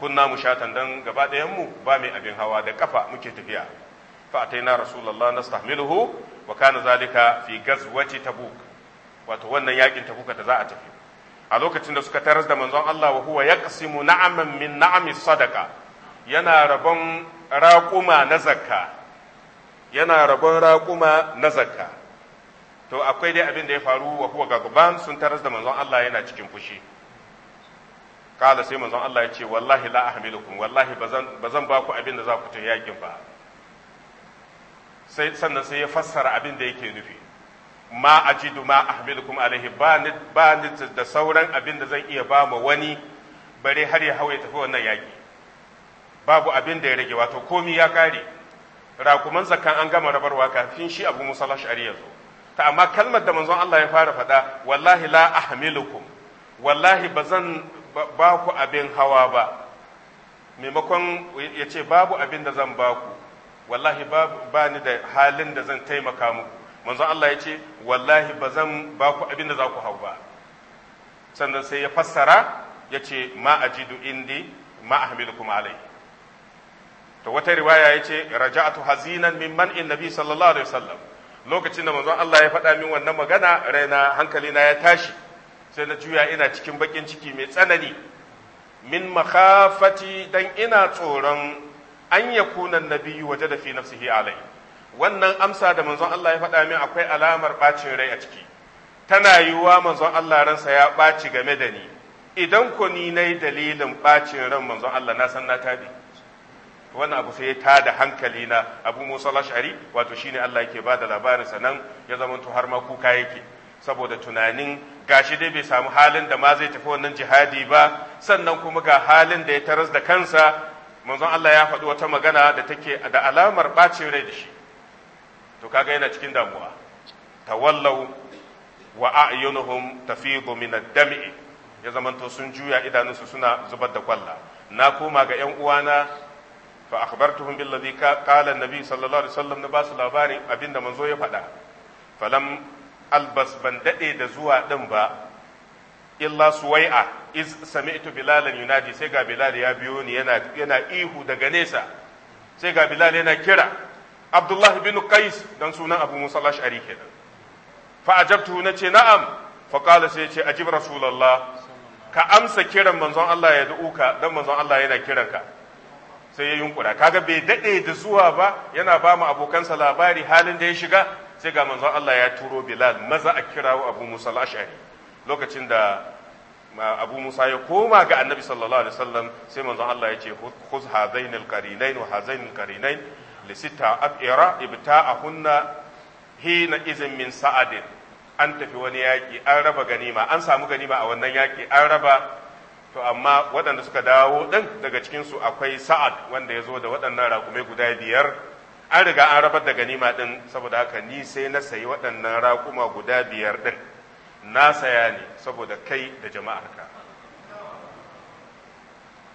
kunna shatan dan gaba ɗayan mu ba mai abin hawa da kafa muke tafiya fa ataina rasulullah nastahmiluhu wa kana zalika fi gazwati tabuk wato wannan yakin tabuka da za a tafi a lokacin da suka taras da manzon Allah wa huwa yaqsimu na'aman min na'amis sadaqa yana rabon raƙuma na zakka yana rabon na zakka to akwai dai abin da ya faru wa huwa gagban sun taras da manzon Allah yana cikin fushi kala sai manzon Allah ya ce wallahi la ahmilukum wallahi bazan ba ku abin da za ku tafi yakin ba sai sannan sai ya fassara abin da yake nufi ma ajidu ma ahmilukum alaihi ba ni da sauran abin da zan iya ba ma wani bare har ya ya tafi wannan yaki babu abin da ya rage wato komi ya kare rakuman zakan an gama rabarwa kafin shi abu musa ash'ari ya zo ta amma kalmar da manzon Allah ya fara faɗa wallahi la ahmilukum wallahi bazan ba ku abin hawa ba maimakon ya ce babu abin da zan ba ku wallahi ba ni da halin da zan taimaka muku manzon Allah ya ce wallahi ba zan ba ku abin da za ku hau ba sannan sai ya fassara ya ce ma a jidu indi ma a hamilu kuma alai to wata riwaya ya ce raja'atu hazinan min in nabi sallallahu alaihi wasallam lokacin da manzon Allah ya faɗa min wannan magana raina hankalina ya tashi sai na juya ina cikin bakin ciki mai tsanani min makhafati dan ina tsoron an ya kunan nabiyu waje da fi nafsihi alai wannan amsa da manzon Allah ya faɗa min akwai alamar bacin rai a ciki tana yiwuwa manzon Allah ransa ya ɓaci game da ni idan ko ni na dalilin ɓacin ran manzon Allah na san na tabi wannan abu sai ya da hankali na abu musa lashari wato shine Allah yake ba da labarinsa nan ya to har ma kuka yake saboda tunanin gashi dai bai samu halin da ma zai tafi wannan jihadi ba sannan kuma ga halin da ya taras da kansa manzon Allah ya faɗi wata magana da take da alamar ɓacin rai da shi to kaga yana cikin damuwa tawallau wa a'yunuhum tafidu min ad-dam'i ya zamanto sun juya idanunsu suna zubar da kwalla na koma ga yan uwana fa akhbartuhum billadhi qala an-nabi sallallahu alaihi wasallam na basu labarin abinda manzo ya faɗa falam albas ban daɗe da zuwa ɗin ba illa suwai'a iz sami'tu bilalan yunadi sai ga bilal ya biyo ni yana yana ihu daga nesa sai ga bilal yana kira abdullahi bin qais dan sunan abu musa al-ash'ari kenan fa ajabtu ce na'am fa qala sai ce ajib rasulullah ka amsa kiran manzon Allah ya du'uka dan manzon Allah yana kiranka sai ya yunkura kaga bai daɗe da zuwa ba yana ba mu abokansa labari halin da ya shiga sai ga manzon Allah ya turo Bilal maza a kirawo Abu Musa al-Ash'ari lokacin da Abu Musa ya koma ga Annabi sallallahu alaihi wasallam sai manzon Allah ya ce khuz hadhain al-qarinain wa hadhain al-qarinain li sita ab'ira ibta'ahunna hina izin min sa'adin an tafi wani yaki an raba ganima an samu ganima a wannan yaki an raba to amma waɗanda suka dawo ɗin daga cikinsu akwai sa'ad wanda ya zo da waɗannan raƙumai guda biyar an riga an rabar da ganima din saboda haka ni sai na sayi waɗannan raƙuma guda biyar din na saya ne saboda kai da jama'arka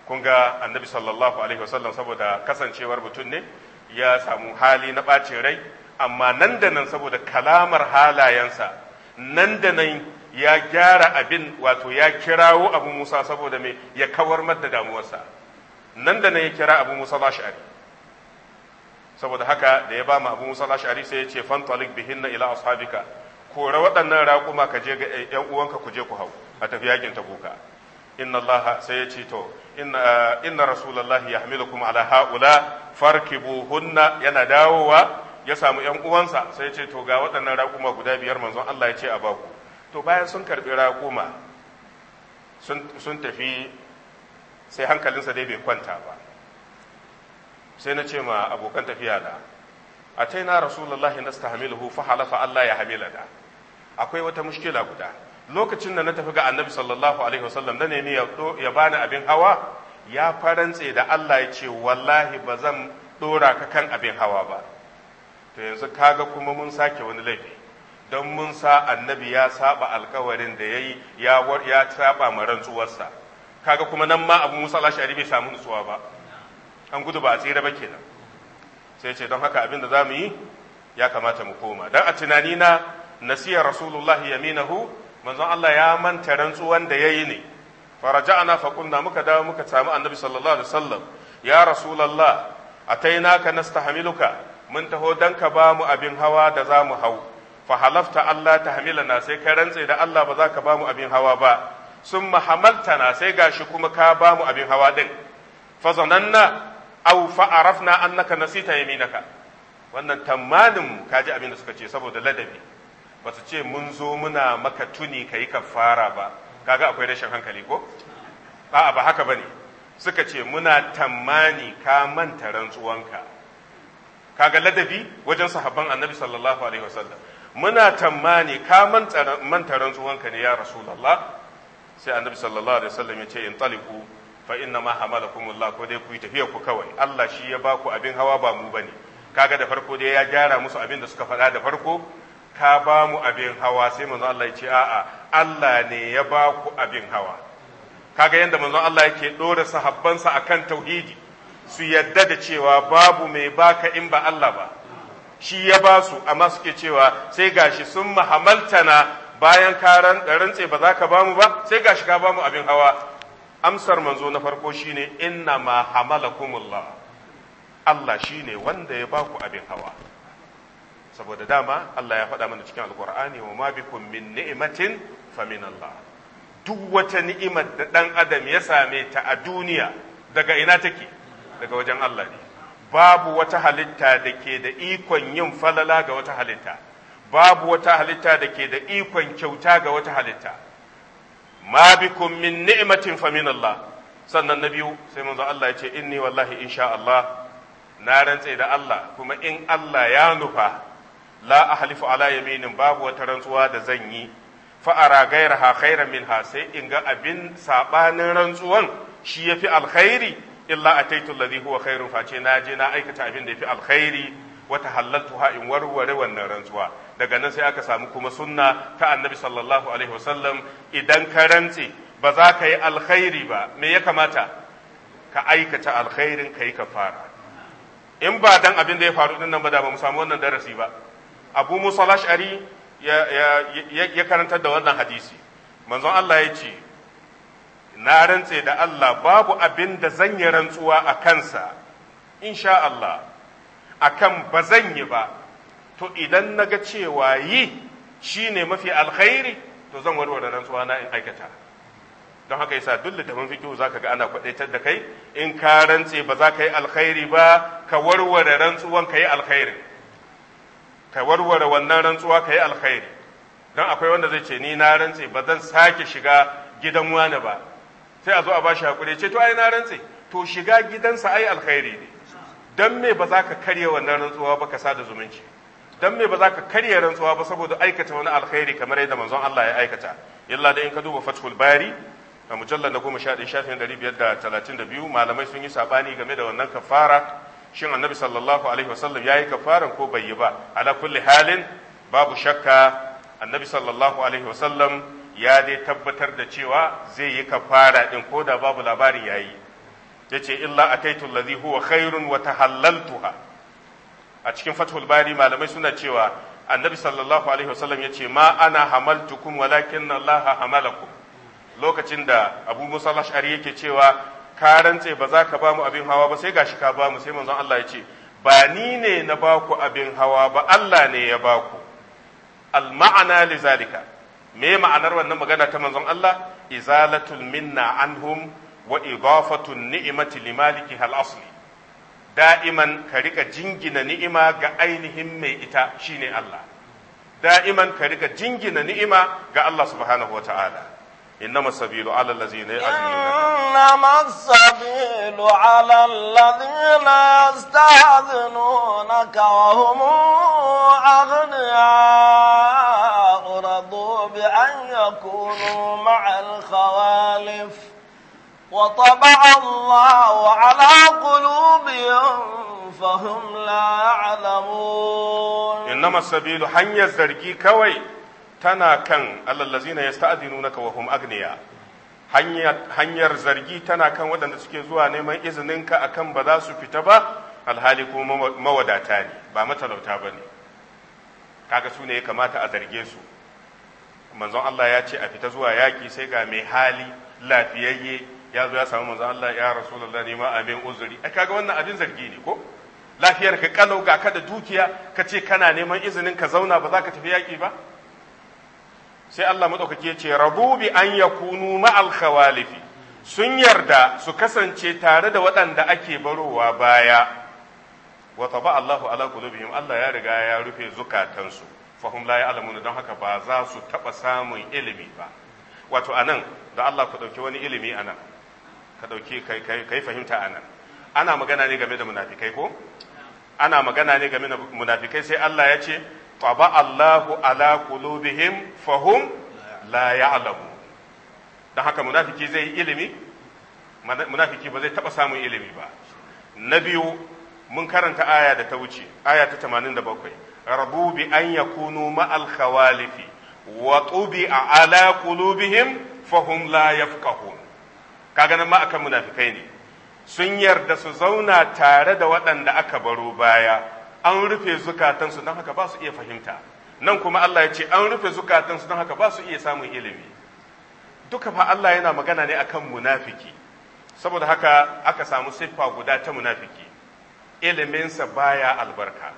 kun ga annabi sallallahu alaihi wasallam saboda kasancewar mutum ne ya samu hali na ɓacin rai amma nan da nan saboda kalamar halayensa nan da nan ya gyara abin wato ya kirawo abu musa saboda mai ya kawar da damuwarsa nan da nan ya kira abu musa ba sha'ari saboda haka da ya ba mu abu musa shari sai ya ce fantalik bihinna ila ashabika kora waɗannan raƙuma ka je ga eh, ƴan uwanka ku je ku hau a tafi yakin ta kuka inna allah sai ya ce to inna eh, inna rasulullahi yahmilukum ala haula hunna yana dawowa ya samu ƴan uwansa sai ya ce to ga waɗannan raƙuma guda biyar manzon Allah ya ce a baku to bayan sun karɓi raƙuma sun tafi sai hankalinsa dai bai kwanta ba sai na ce ma abokan tafiya da a ta na rasulullahi na stahamiluhu fa halafa Allah ya hamila da akwai wata mushkila guda lokacin da na tafi ga annabi sallallahu alaihi wasallam na nemi ya bani abin hawa ya farantse da Allah ya ce wallahi ba zan dora ka kan abin hawa ba to yanzu kaga kuma mun sake wani laifi don mun sa annabi ya saba alkawarin da ya yi ya saba ma rantsuwarsa kaga kuma nan ma abu musa lashari bai samu nutsuwa ba an gudu ba a tsira ba kenan sai ce don haka abin da za mu yi ya kamata mu koma don a tunani na nasiyar rasulullahi yaminahu manzon Allah ya manta rantsuwan da ya yi ne faraja'ana faƙunna muka dawo muka samu annabi sallallahu alaihi wasallam ya rasulullah atainaka nastahmiluka mun taho dan ka ba mu abin hawa da za mu hau fa halafta Allah na sai ka rantse da Allah ba za ka ba mu abin hawa ba sun mahamaltana sai gashi kuma ka ba mu abin hawa din fa zananna aw fa arafna annaka nasita yaminaka wannan tamanin kaji abin da suka ce saboda ladabi ba su ce mun zo muna maka tuni kai kafara ba kaga akwai rashin hankali ko a'a ba haka bane suka ce muna tamani ka manta rantsuwanka kaga ladabi wajen sahabban annabi sallallahu alaihi wasallam muna tamani ka manta rantsuwanka ne ya rasulullah sai annabi sallallahu alaihi wasallam ya ce in taliku fa inna ma hamalakumullah ko dai ku yi tafiya ku kawai Allah shi ya baku abin hawa ba mu bane kaga da farko dai ya gyara musu abin da suka faɗa da farko ka ba mu abin hawa sai manzo Allah ya ce a'a Allah ne ya baku abin hawa kaga yanda manzo Allah yake dora sahabbansa akan tauhidi su yadda da cewa babu mai baka in ba Allah ba shi ya ba su amma suke cewa sai gashi sun mahamaltana bayan ka rantse ba za ka ba mu ba sai gashi ka ba mu abin hawa amsar manzo na farko shine inna ma hamalakumullah Allah shine wanda ya baku abin hawa saboda dama Allah ya faɗa mana cikin alkur'ani wa ma bikum min ni'matin fa min Allah duk wata ni'imar da dan adam ya same ta a duniya daga ina take daga wajen Allah ne babu wata halitta da ke da ikon yin falala ga wata halitta babu wata halitta da ke da ikon kyauta ga wata halitta ma bikum min ni'matin fa min Allah sannan na biyu sai manzo Allah ya ce inni wallahi insha Allah na rantse da Allah kuma in Allah ya nufa la ahlifu ala yaminin babu wata rantsuwa da zan yi fa ara gairaha khairan minha sai in ga abin sabanin rantsuwan shi yafi alkhairi illa ataitu alladhi huwa khairun face na je na aikata abin da yafi alkhairi wata ha in warware wannan rantsuwa daga nan sai aka samu kuma sunna ta annabi sallallahu alaihi wasallam idan ka rantse ba za ka yi alkhairi ba me ya kamata ka aikata alkhairin ka yi kafara in ba dan abin da ya faru din nan ba da ba mu samu wannan darasi ba abu musa lashari ya karantar da wannan hadisi manzon Allah ya ce na rantse da Allah babu abin da zan yi rantsuwa a kansa insha Allah akan ba zan yi ba to idan na ga cewa yi shi ne mafi alkhairi to zan warware rantsuwa na in aikata don haka yasa duk da mun za zaka ga ana kwadaitar da kai in ka rantse ba za ka yi alkhairi ba ka warware rantsuwan ka yi alkhairi ka warware wannan rantsuwa ka yi alkhairi don akwai wanda zai ce ni na rantse ba zan sake shiga gidan wani ba sai a zo a bashi hakuri ce to ai na rantse to shiga gidansa ai alkhairi ne dan me ba za ka karya wannan rantsuwa ba ka sada zumunci dan me ba za ka karya rantsuwa ba saboda aikata wani alkhairi kamar yadda manzon Allah ya aikata illa da in ka duba fathul bari a mujallar na goma sha ɗaya shafin ɗari biyar da talatin da biyu malamai sun yi saɓani game da wannan kafara shin annabi sallallahu alaihi wasallam ya yi kafaran ko bai yi ba ala kulli halin babu shakka annabi sallallahu alaihi wasallam ya dai tabbatar da cewa zai yi kafara ɗin ko da babu labarin ya yi ya ce illa a kaitun lazi huwa khairun wa tahallaltuha a cikin fathul bari malamai suna cewa annabi sallallahu alaihi wasallam ya ce ma ana hamaltukum walakin Allah hamalakum lokacin da abu musa ash'ari yake cewa ka rantse ba za ka ba mu abin hawa ba sai gashi ka ba mu sai manzon Allah ya ce ba ni ne na ba ku abin hawa ba Allah ne ya ba ku al ma'ana li zalika me ma'anar wannan magana ta manzon Allah izalatul minna anhum wa idafatul ni'mati limaliki hal asli da'iman ka rika jingina ni'ima ga ainihin mai ita shine Allah da'iman ka rika jingina ni'ima ga Allah subhanahu wa ta'ala إنما السبيل على الذين يعلمون إنما السبيل على الذين يستأذنونك وهم أغنياء رضوا بأن يكونوا مع الخوالف وطبع الله innama sabilu hanyar zargi kawai tana kan allallazina yasta'dinunaka wa hum agniya hanyar zargi tana kan waɗanda suke zuwa neman ka akan ba za su fita ba alhali kuma mawadata ne ba matalauta ba ne kaga su ne ya kamata a zarge su manzon Allah ya ce a fita zuwa yaƙi sai ga mai hali lafiyayye yazo ya samu manzon Allah ya rasulullahi ne ma amin uzuri ai kaga wannan abin zargi ne ko lafiyar ka kalau ga ka da dukiya ka ce kana neman izinin ka zauna ba za ka tafi yaƙi ba sai Allah madaukaki ya ce rabu bi an yakunu ma'al khawalifi sun yarda su kasance tare da waɗanda ake barowa baya wa taba Allahu ala qulubihim Allah ya riga ya rufe zukatansu fahum la ya'lamuna don haka ba za su taba samun ilimi ba wato anan da Allah ku dauki wani ilimi anan ka dauki kai kai fahimta anan ana magana ne game da munafikai ko ana magana ne game da munafikai sai Allah ya ce taba Allahu ala qulubihim fahum la ya'lamu dan haka munafiki zai yi ilimi munafiki ba zai taba samun ilimi ba na biyu mun karanta aya da ta wuce aya ta 87 rabu bi an yakunu al khawalifi wa tubi ala qulubihim fahum la yafqahun kaga nan ma akan munafikai ne sun yarda su zauna tare da waɗanda aka baro baya an rufe zukatansu don haka ba su iya fahimta nan kuma Allah ya ce an rufe zukatansu don haka ba su iya samun ilimi duka fa Allah yana magana ne akan munafiki saboda haka aka samu siffa guda ta munafiki iliminsa baya albarka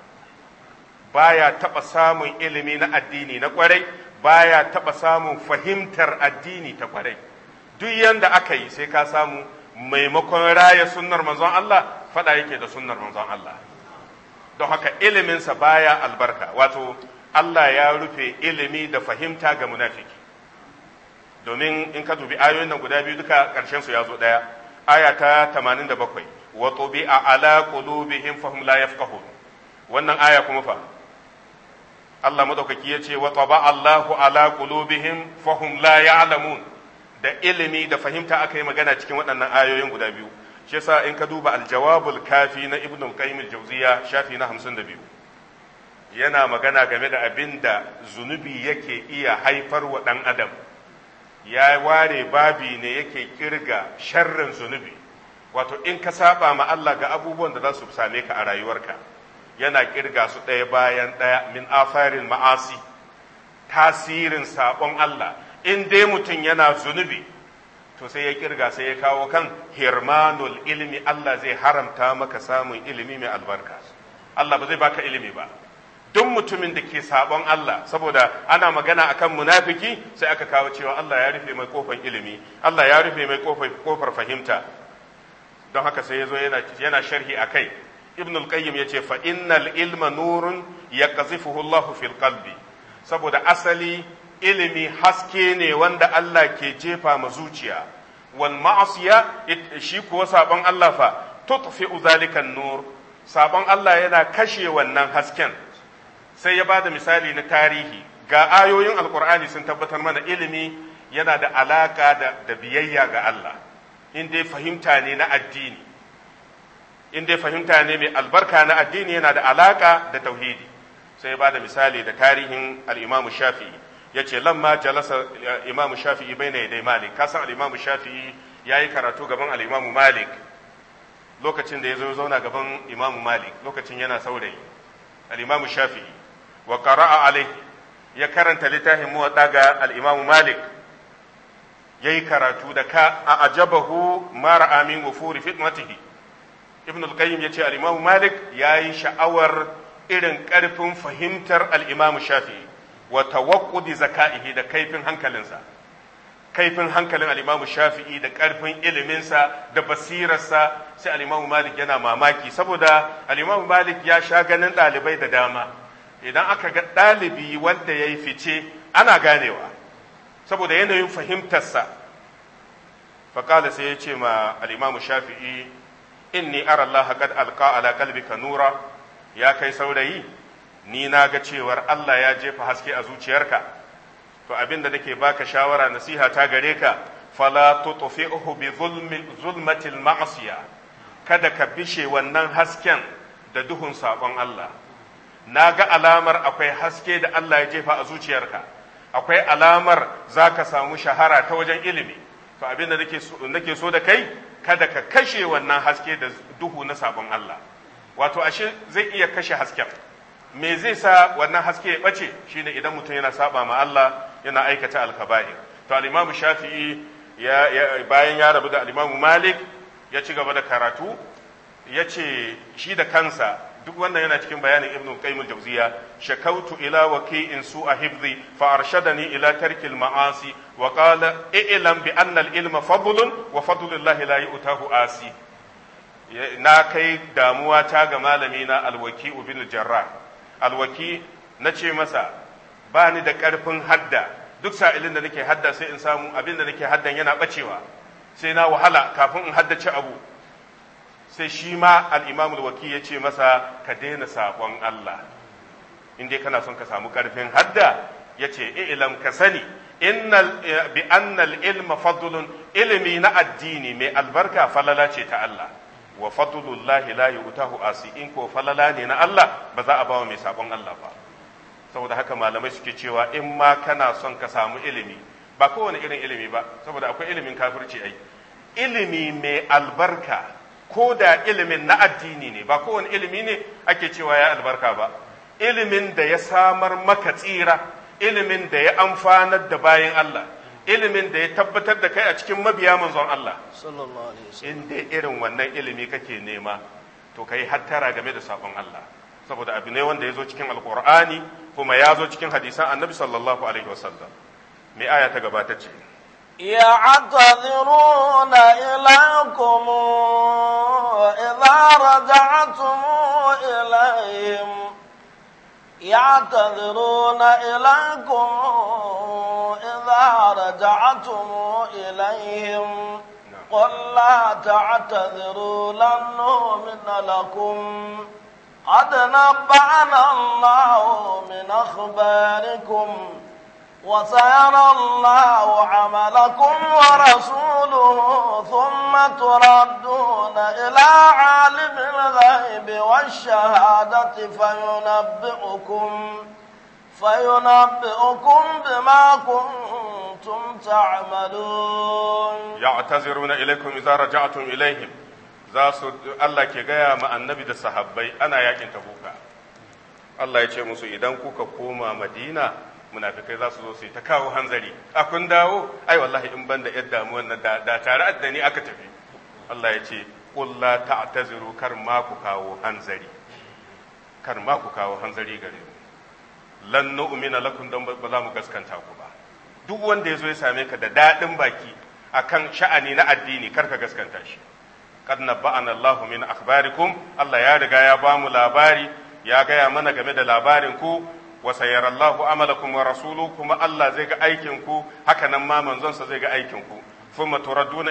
baya taba samun ilimi na addini na kwarai baya taba samun fahimtar addini ta kwarai duk yanda aka yi sai ka samu maimakon raya sunnar manzon Allah fada yake da sunnar manzon Allah don haka iliminsa baya albarka wato Allah ya rufe ilimi da fahimta ga munafiki domin in ka dubi ayoyin nan guda biyu duka ƙarshen su ya zo ɗaya aya ta 87 wa tubi'a ala qulubihim fahum la yafqahun wannan aya kuma fa Allah madaukaki ya ce wa taba Allahu ala qulubihim fahum la ya'lamun da ilimi da fahimta aka yi magana cikin waɗannan ayoyin guda biyu shi yasa in ka duba aljawabul kafi na ibnu qayyim al-jawziya shafi na 52 yana magana game da abin da zunubi yake iya haifar wa ɗan adam ya ware babi ne yake kirga sharrin zunubi wato in ka saba ma Allah ga abubuwan da za su same ka a rayuwarka yana kirga su ɗaya bayan ɗaya min afarin ma'asi tasirin saɓon Allah in dai mutum yana zunubi to sai ya kirga sai ya kawo kan hirmanul ilmi Allah zai haramta maka samun ilimi mai albarka Allah ba zai baka ilimi ba duk mutumin da ke sabon Allah saboda ana magana akan munafiki sai aka kawo cewa Allah ya rufe mai kofar ilimi Allah ya rufe mai kofar fahimta don haka sai ya zo yana sharhi a kai ibn al-qayyim ya fa innal ilma nurun yaqzifuhu Allah fil qalbi saboda asali ilimi haske ne wanda Allah ke jefa ma zuciya wal ma'asiya shi kuwa sabon Allah fa tutfi zalikan nur sabon Allah yana kashe wannan hasken sai ya bada misali na tarihi ga ayoyin alkur'ani sun tabbatar mana ilimi yana da alaka da, da biyayya ga Allah in dai fahimta ne na addini in dai fahimta ne mai albarka na addini yana da alaka da tauhidi sai ya bada misali da tarihin al-Imam Shafi'i ya ce lamma jalasa imamu shafi'i bai na dai malik kasan al'imamu shafi'i ya yi karatu gaban al'imamu malik lokacin da ya zo zauna gaban imamu malik lokacin yana saurayi al'imamu shafi'i wa qara'a alaihi ya karanta littafin muwaɗa daga al'imamu malik ya yi karatu da ka a ajabahu mara amin wufuri fitnatihi ibn al-qayyim ya ce al'imamu malik ya yi sha'awar irin ƙarfin fahimtar al'imamu shafi'i Wata tawaqqudi zaka'ihi da kaifin hankalinsa kaifin hankalin al Shafi'i da ƙarfin iliminsa da basirarsa sai al Malik yana mamaki saboda al Malik ya sha ganin ɗalibai da dama idan aka ga ɗalibi wanda ya yi fice ana ganewa saboda yanayin fahimtarsa faƙala sai ya ce ma al-Imam Shafi'i inni ara Allah qad alqa ala qalbika nura ya kai saurayi ni na ga cewar Allah ya jefa haske a zuciyarka to abinda nake baka shawara nasiha ta gare ka fala tutfi'uhu bi zulmatil ma'siya kada ka bishe wannan hasken da duhun sabon Allah na ga alamar akwai haske da Allah ya jefa a zuciyarka akwai alamar za ka samu shahara ta wajen ilimi to abin da nake so da kai kada ka kashe wannan haske da duhu na sabon Allah wato ashe zai iya kashe hasken me zai sa wannan haske ya bace shine idan mutum yana saba ma Allah yana aikata alkaba'ir to al-Imam Shafi'i ya, bayan ya rabu da al-Imam Malik ya ci gaba da karatu ya ce shi da kansa duk wannan yana cikin bayanin Ibn Qayyim al-Jawziya shakautu ila waqi'in su'a hifzi fa arshadani ila tarki maasi wa qala i'lam bi anna al-ilma fadlun wa fadlullahi la yu'tahu asi na kai damuwa ta ga malami na al-waqi'u jarrah alwaki na ce masa ba ni da ƙarfin hadda duk sa'ilin da nake hadda sai in samu abin da nake haddan yana bacewa sai na wahala kafin in haddace abu sai shi ma al'imamu alwaki ya ce masa ka daina saƙon Allah inda kana son ka samu ƙarfin hadda ya ce ilam ka sani eh, bi annal ilma fadlun ilimi na addini mai albarka falala ce ta Allah wa fadlullahi la yu'tahu asi in ko falala ne na Allah ba za a bawa mai sabon Allah ba saboda haka malamai suke cewa in ma kana son ka samu ilimi ba kowane irin ilimi ba saboda akwai ilimin kafirci ai ilimi mai albarka ko da ilimin na addini ne ba kowane ilimi ne ake cewa ya albarka ba ilimin da ya samar maka tsira ilimin da ya amfanar da bayan Allah ilimin da ya tabbatar da kai a cikin mabiya manzon Allah in dai irin wannan ilimi kake nema to kai hattara game da sabon Allah saboda abu ne wanda ya zo cikin alkur'ani kuma ya zo cikin hadisan annabi sallallahu alaihi wasallam mai aya ta gabata ce يعتذرون إليكم إذا رجعتم إليهم يعتذرون إليكم إذا رجعتم إليهم قل لا تعتذروا لن نؤمن لكم قد نبعنا الله من أخباركم وسيرى الله عملكم ورسوله ثم تردون إلى عالم الغيب والشهادة فينبئكم فينبئكم بما كنتم تعملون يعتذرون إليكم إذا رجعتم إليهم za su Allah ke gaya ma annabi da sahabbai ana yakin tabuka Allah ya ce musu idan kuka koma Madina munafikai za su zo su yi ta kawo hanzari a kun dawo ai wallahi in ban da yadda mu wannan da tare addani aka tafi Allah ya ce qul la ta'taziru kar ma ku kawo hanzari kar ma ku kawo hanzari gare mu lan nu'mina lakum dan ba za mu gaskanta ku ba duk wanda ya zo ya same ka da dadin baki akan sha'ani na addini kar ka gaskanta shi qad nabba'ana Allahu min akhbarikum Allah ya riga ya ba mu labari ya gaya mana game da labarin ku wa sayarallahu amalakum wa kuma Allah zai ga aikin ku haka nan ma manzonsa zai ga aikin ku thumma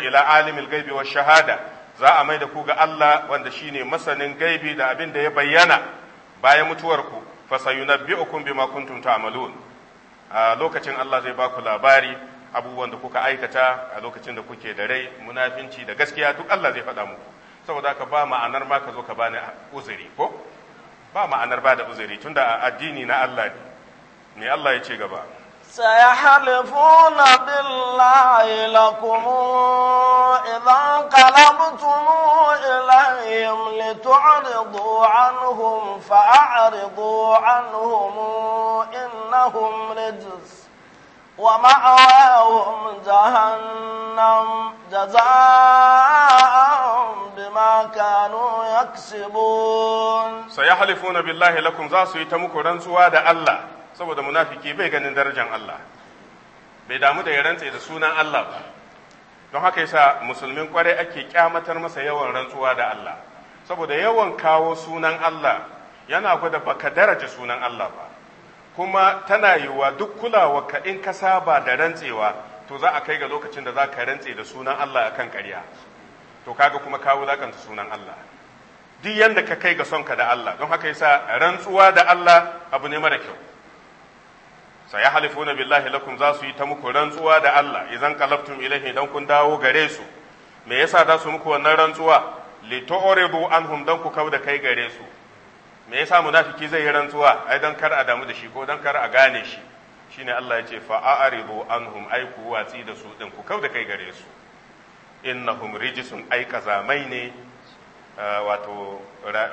ila alimil gaibiwar shahada za a mai da ku ga Allah wanda shine masanin gaibi da abin da ya bayyana bayan mutuwar ku fa sayunabbi'ukum bima kuntum ta'malun a lokacin Allah zai baku labari abubuwan da kuka aikata a lokacin da kuke da rai munafinci da gaskiya duk Allah zai faɗa muku saboda ka ba ma'anar ma ka zo ka bani uzuri ko ba ma'anar ba da uzuri tun da addini na Allah ne me Allah ya ce gaba sai na bin lakum idan qalabtum ilayhim litu'ridu anhum fa'ridu anhum innahum rijs وَمَأْوَاهُمْ جَهَنَّمُ جَزَاءً جزاءهم بما كانوا يكسبون za su yi ta muku rantsuwa da Allah saboda munafiki bai ganin darajar Allah bai damu da ya rantse da sunan Allah ba don haka yasa musulmin kwarai ake kyamatar masa yawan rantsuwa da Allah saboda yawan kawo sunan Allah yana gwada baka daraja sunan Allah ba kuma tana yiwuwa duk kulawa ka in ka saba da rantsewa to za a kai ga lokacin da za ka rantse da sunan Allah akan ƙarya to kaga kuma ka wulakanta sunan Allah duk yanda ka kai ga sonka da Allah don haka yasa rantsuwa da Allah abu ne mara kyau sai ya na billahi lakum za su yi ta muku rantsuwa da Allah idan qalaftum ilahi dan kun dawo gare su me yasa za su muku wannan rantsuwa li tu'ridu anhum dan ku kauda kai gare su me yasa munafiki zai yi rantsuwa ai dan kar a damu da shi ko dan kar a gane shi shine Allah ya ce fa a'ridu anhum ai ku watsi da su din ku kauda kai gare su innahum rijisun ai kazamai ne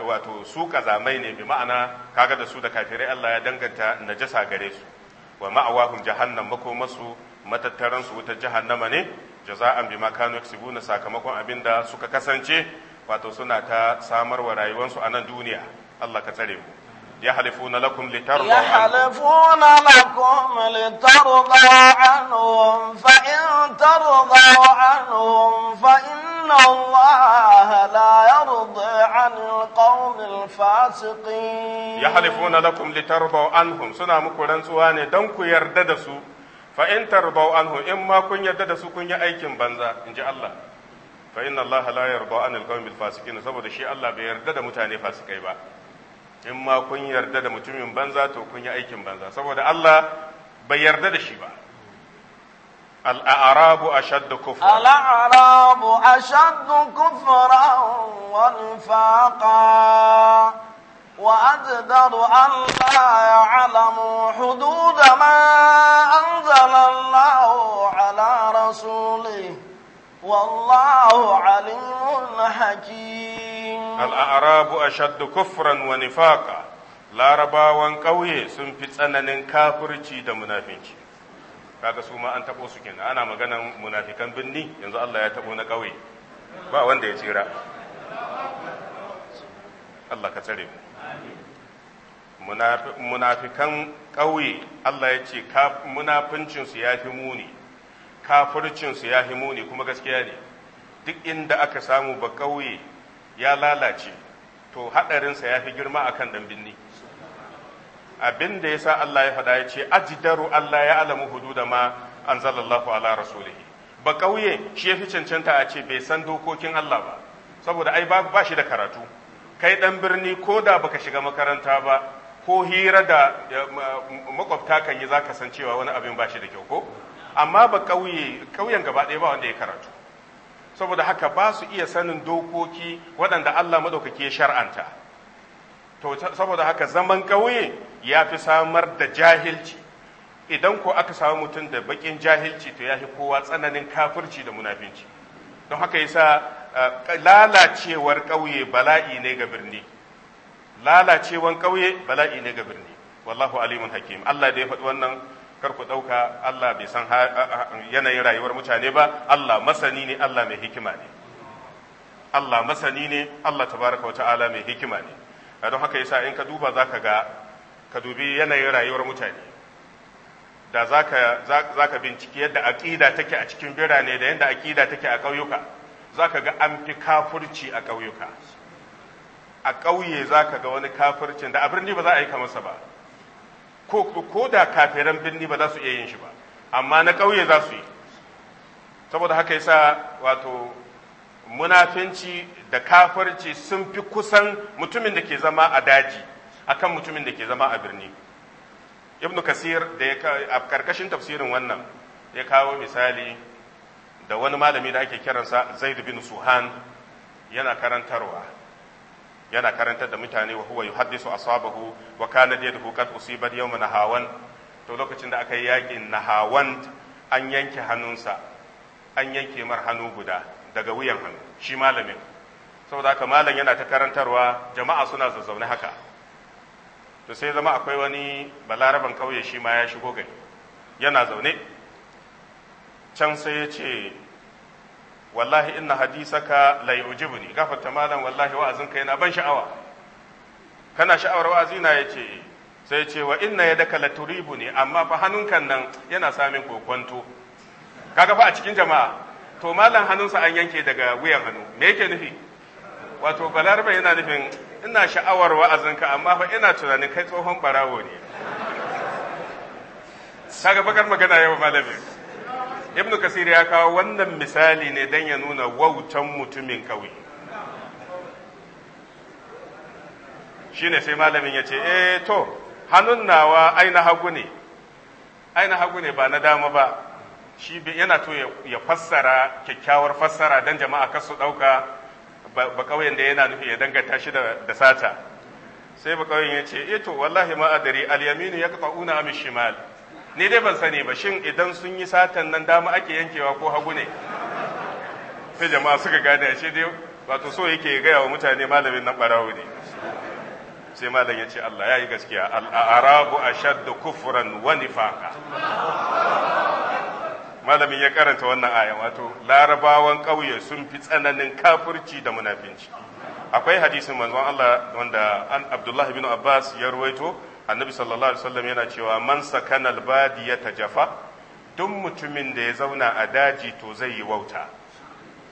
wato su kazamai ne bi ma'ana kaga da su da kafirai Allah ya danganta najasa gare su wa ma'awahum jahannam makomasu matattaran su wutar jahannama ne jaza'an bima kanu yaksubuna sakamakon abinda suka kasance wato suna ta samarwa rayuwarsu a nan duniya Allah ka tsare mu يحلفون لكم لترضوا يحلفون لكم لترضوا عنهم فإن ترضوا عنهم فإن الله لا يرضي عن القوم الفاسقين يحلفون لكم لترضوا عنهم سنة مكورن سواني دنكو يرددسو فإن ترضوا عنهم إما كن يرددسو كن يأيكم بنزا إن جاء الله فإن الله لا يرضى عن القوم الفاسقين سبب الشيء الله بيردد متاني فاسقين بقى in ma kun yarda da mutumin banza to kun yi aikin banza saboda Allah bai yarda da shi ba الأعراب أشد كفرا الأعراب أشد كفرا ونفاقا وأجدر أن لا يعلم حدود ما أنزل الله على رسوله والله عليم حكيم الأعراب أشد كفرا ونفاقا larabawan ƙauye sun fi tsananin kafirci da munafinci kaga su ma an taɓo su kenan ana maganan munafikan binni yanzu Allah ya taɓo na ƙauye ba wanda ya tsira Allah ka tsare mu munafikan ƙauye Allah ya ce munafincinsu ya fi muni kafircinsu ya muni kuma gaskiya ne duk inda aka samu ba ƙauye ya lalace to haɗarinsa ya fi girma akan kan ɗanbinni abin da ya sa Allah ya faɗa ya ce ajidaru Allah ya alamu da ma an zalallahu ala rasulihi ba ƙauye shi ya fi cancanta a ce bai san dokokin Allah ba saboda ai ba shi da karatu kai ɗan birni ko da baka shiga makaranta ba ko hira da makwabta kan yi za ka san cewa wani abin ba shi da kyau ko amma ba ƙauye ƙauyen gaba ɗaya ba wanda ya karatu saboda haka ba su iya sanin dokoki waɗanda Allah maɗaukaki ya shar'anta to saboda haka zaman ƙauye ya fi samar da jahilci idan ko aka samu mutum da baƙin jahilci to ya fi kowa tsananin kafirci da munafinci don haka yasa eh, lalacewar kauye bala'i ne ga birni lalacewan ƙauye bala'i ne ga birni wallahu alimun hakim Allah da ya faɗi wannan kar ku ɗauka Allah bai san yanayin rayuwar mutane ba Allah masani ne Allah mai hikima ne Allah masani ne Allah tabaraka wata'ala mai hikima ne don haka yasa in ka duba zaka ga ka dubi yanayin rayuwar mutane da zaka zaka binciki yadda aqida take a cikin birane da yadda aqida take a ƙauyuka zaka ga an fi kafurci a ƙauyuka a ƙauye zaka ga wani kafircin da a birni ba za a yi kamarsa ba ko ko da kafiran birni ba za su iya yin shi ba amma na ƙauye za su yi saboda haka yasa wato munafinci da kafirci sun fi kusan mutumin da ke zama a daji akan mutumin da ke zama a birni ibnu kasir da ya a karkashin tafsirin wannan ya kawo misali da wani malami da ake kiransa zaid bin suhan yana karantarwa yana karantar da mutane wa huwa yuhaddisu asabahu wa kana yadahu qad usibat yawm nahawan to lokacin da aka yi yakin nahawan an yanke hannunsa an yanke mar hannu guda daga wuyan hannu shi malamin saboda haka malam yana ta karantarwa jama'a suna zazzaune haka to sai zama akwai wani balaraban kauye shi ma ya shigo gari yana zaune can sai ya ce wallahi inna hadisaka la yujibuni gafarta malam wallahi wa'azinka yana ban sha'awa kana sha'awar wa'azi na yace sai yace wa inna yadaka la turibuni amma fa hannunkan nan yana samin kokonto kaga fa a cikin jama'a to malam hannunsa an yanke daga wuyan hannu me yake nufi wato balarba yana nufin ina sha'awar wa'azinka amma fa ina tunanin kai tsohon barawo ne kaga bakar magana yau malamin ibn kasir ya kawo wannan misali ne don ya nuna wautan mutumin shi shine sai malamin ya ce eh to hannun nawa aina hagu ne aina hagu ne ba na dama ba shi yana to ya fassara kyakkyawar fassara don jama'a kasu ɗauka ba ƙauyen da yana nufi ya danganta shi da sata sai ba kawai ya ce eh to wallahi ma'adari alyaminu ya kafa una amin shimali. ni dai ban sani ba shin idan sun yi satan nan dama ake yankewa ko hagu ne sai jama'a suka gane ashe dai wato so yake gaya wa mutane malamin nan barawo ne sai malam ya ce Allah ya yi gaskiya al'arabu ashaddu kufran wani nifaqa malamin ya karanta wannan aya wato larabawan ƙauye sun fi tsananin kafurci da munafinci akwai hadisin manzon Allah wanda an bin Abbas ya ruwaito annabi sallallahu alaihi wasallam yana cewa man sakana ta jafa duk mutumin da ya zauna a daji to zai yi wauta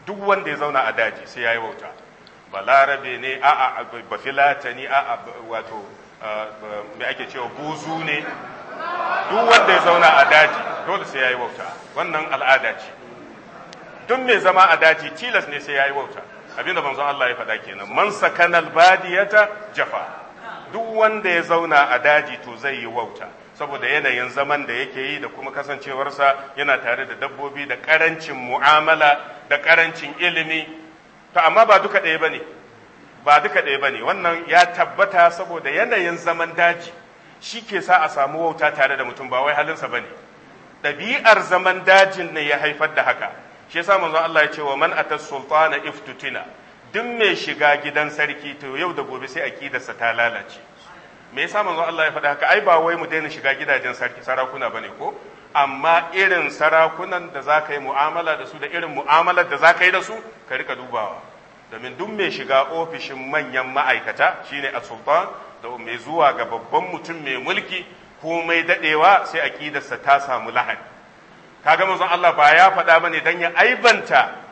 duk wanda ya zauna a daji sai ya yi wauta ba larabe ne a'a bafilata ne a'a wato me ake cewa buzu ne duk wanda ya zauna a daji dole sai ya yi wauta wannan al'ada ce duk mai zama a daji tilas ne sai ya yi wauta abinda manzon Allah ya faɗa kenan man sakanal badiyata jafa duk wanda ya zauna a daji to zai yi wauta saboda yanayin zaman da yake yi da kuma kasancewarsa yana tare da dabbobi da karancin mu'amala da karancin ilimi to amma ba duka ɗaya bane ba duka ɗaya bane wannan ya tabbata saboda yanayin zaman daji shi ke sa a samu wauta tare da mutum ba wai halinsa bane ɗabi'ar zaman dajin ne ya haifar da haka shi yasa manzon Allah ya ce wa man atas sultana iftutina duk mai shiga gidan sarki to yau da gobe sai aƙidarsa ta lalace me yasa manzo Allah ya faɗa haka ai ba wai mu daina shiga gidajen sarki sarakuna bane ko amma irin sarakunan da za ka yi mu'amala da su da irin mu'amalar da za ka yi da su ka rika dubawa domin duk mai shiga ofishin manyan ma'aikata shine a da mai zuwa ga babban mutum mai mulki ko mai dadewa sai aƙidarsa ta samu lahani kaga manzon Allah ba ya faɗa bane dan ya aibanta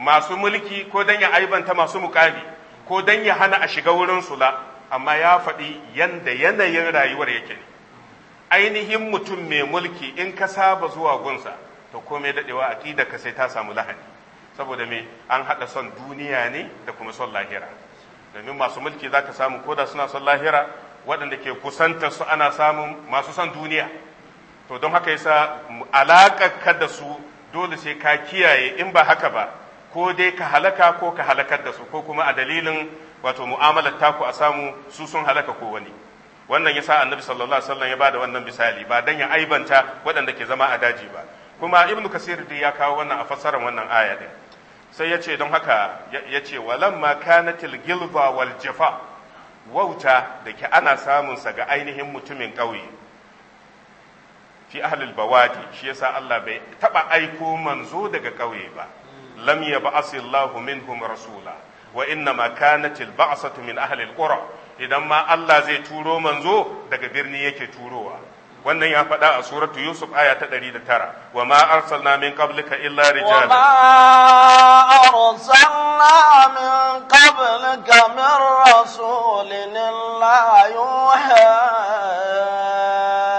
masu mulki ko don ya aibanta masu mukami ko don ya hana a shiga wurin sula amma ya faɗi yanda yanayin rayuwar yake ne ainihin mutum mai mulki in ka saba zuwa gunsa to komai a ƙida ka sai ta samu lahadi saboda me an haɗa son duniya ne da kuma son lahira domin masu mulki zaka samu koda suna son lahira waɗanda ke kusantar su ana samun masu son duniya to don haka yasa alaƙar ka da su dole sai ka kiyaye in ba haka ba ko dai ka halaka ko ka halakar da su ko kuma a dalilin wato mu'amalar taku a samu su sun halaka ko wani wannan yasa annabi sallallahu alaihi wasallam ya bada wannan misali ba dan ya aibanta waɗanda ke zama a daji ba kuma ibnu kasir dai ya kawo wannan a fassarar wannan aya din sai ya ce don haka ya ce walamma kanatil gilba wal jafa wauta da ke ana samun sa ga ainihin mutumin ƙauye fi ahlul bawadi shi yasa Allah bai taba aiko manzo daga ƙauye ba lam yab'as min minhum rasula wa inna ma kanat al-ba'satu min ahli idan ma Allah zai turo manzo daga birni yake turowa wannan ya faɗa a suratu Yusuf aya ta 109 wa ma arsalna min qablika illa rijalan wa ma arsalna min qablika min rasulin illa yuha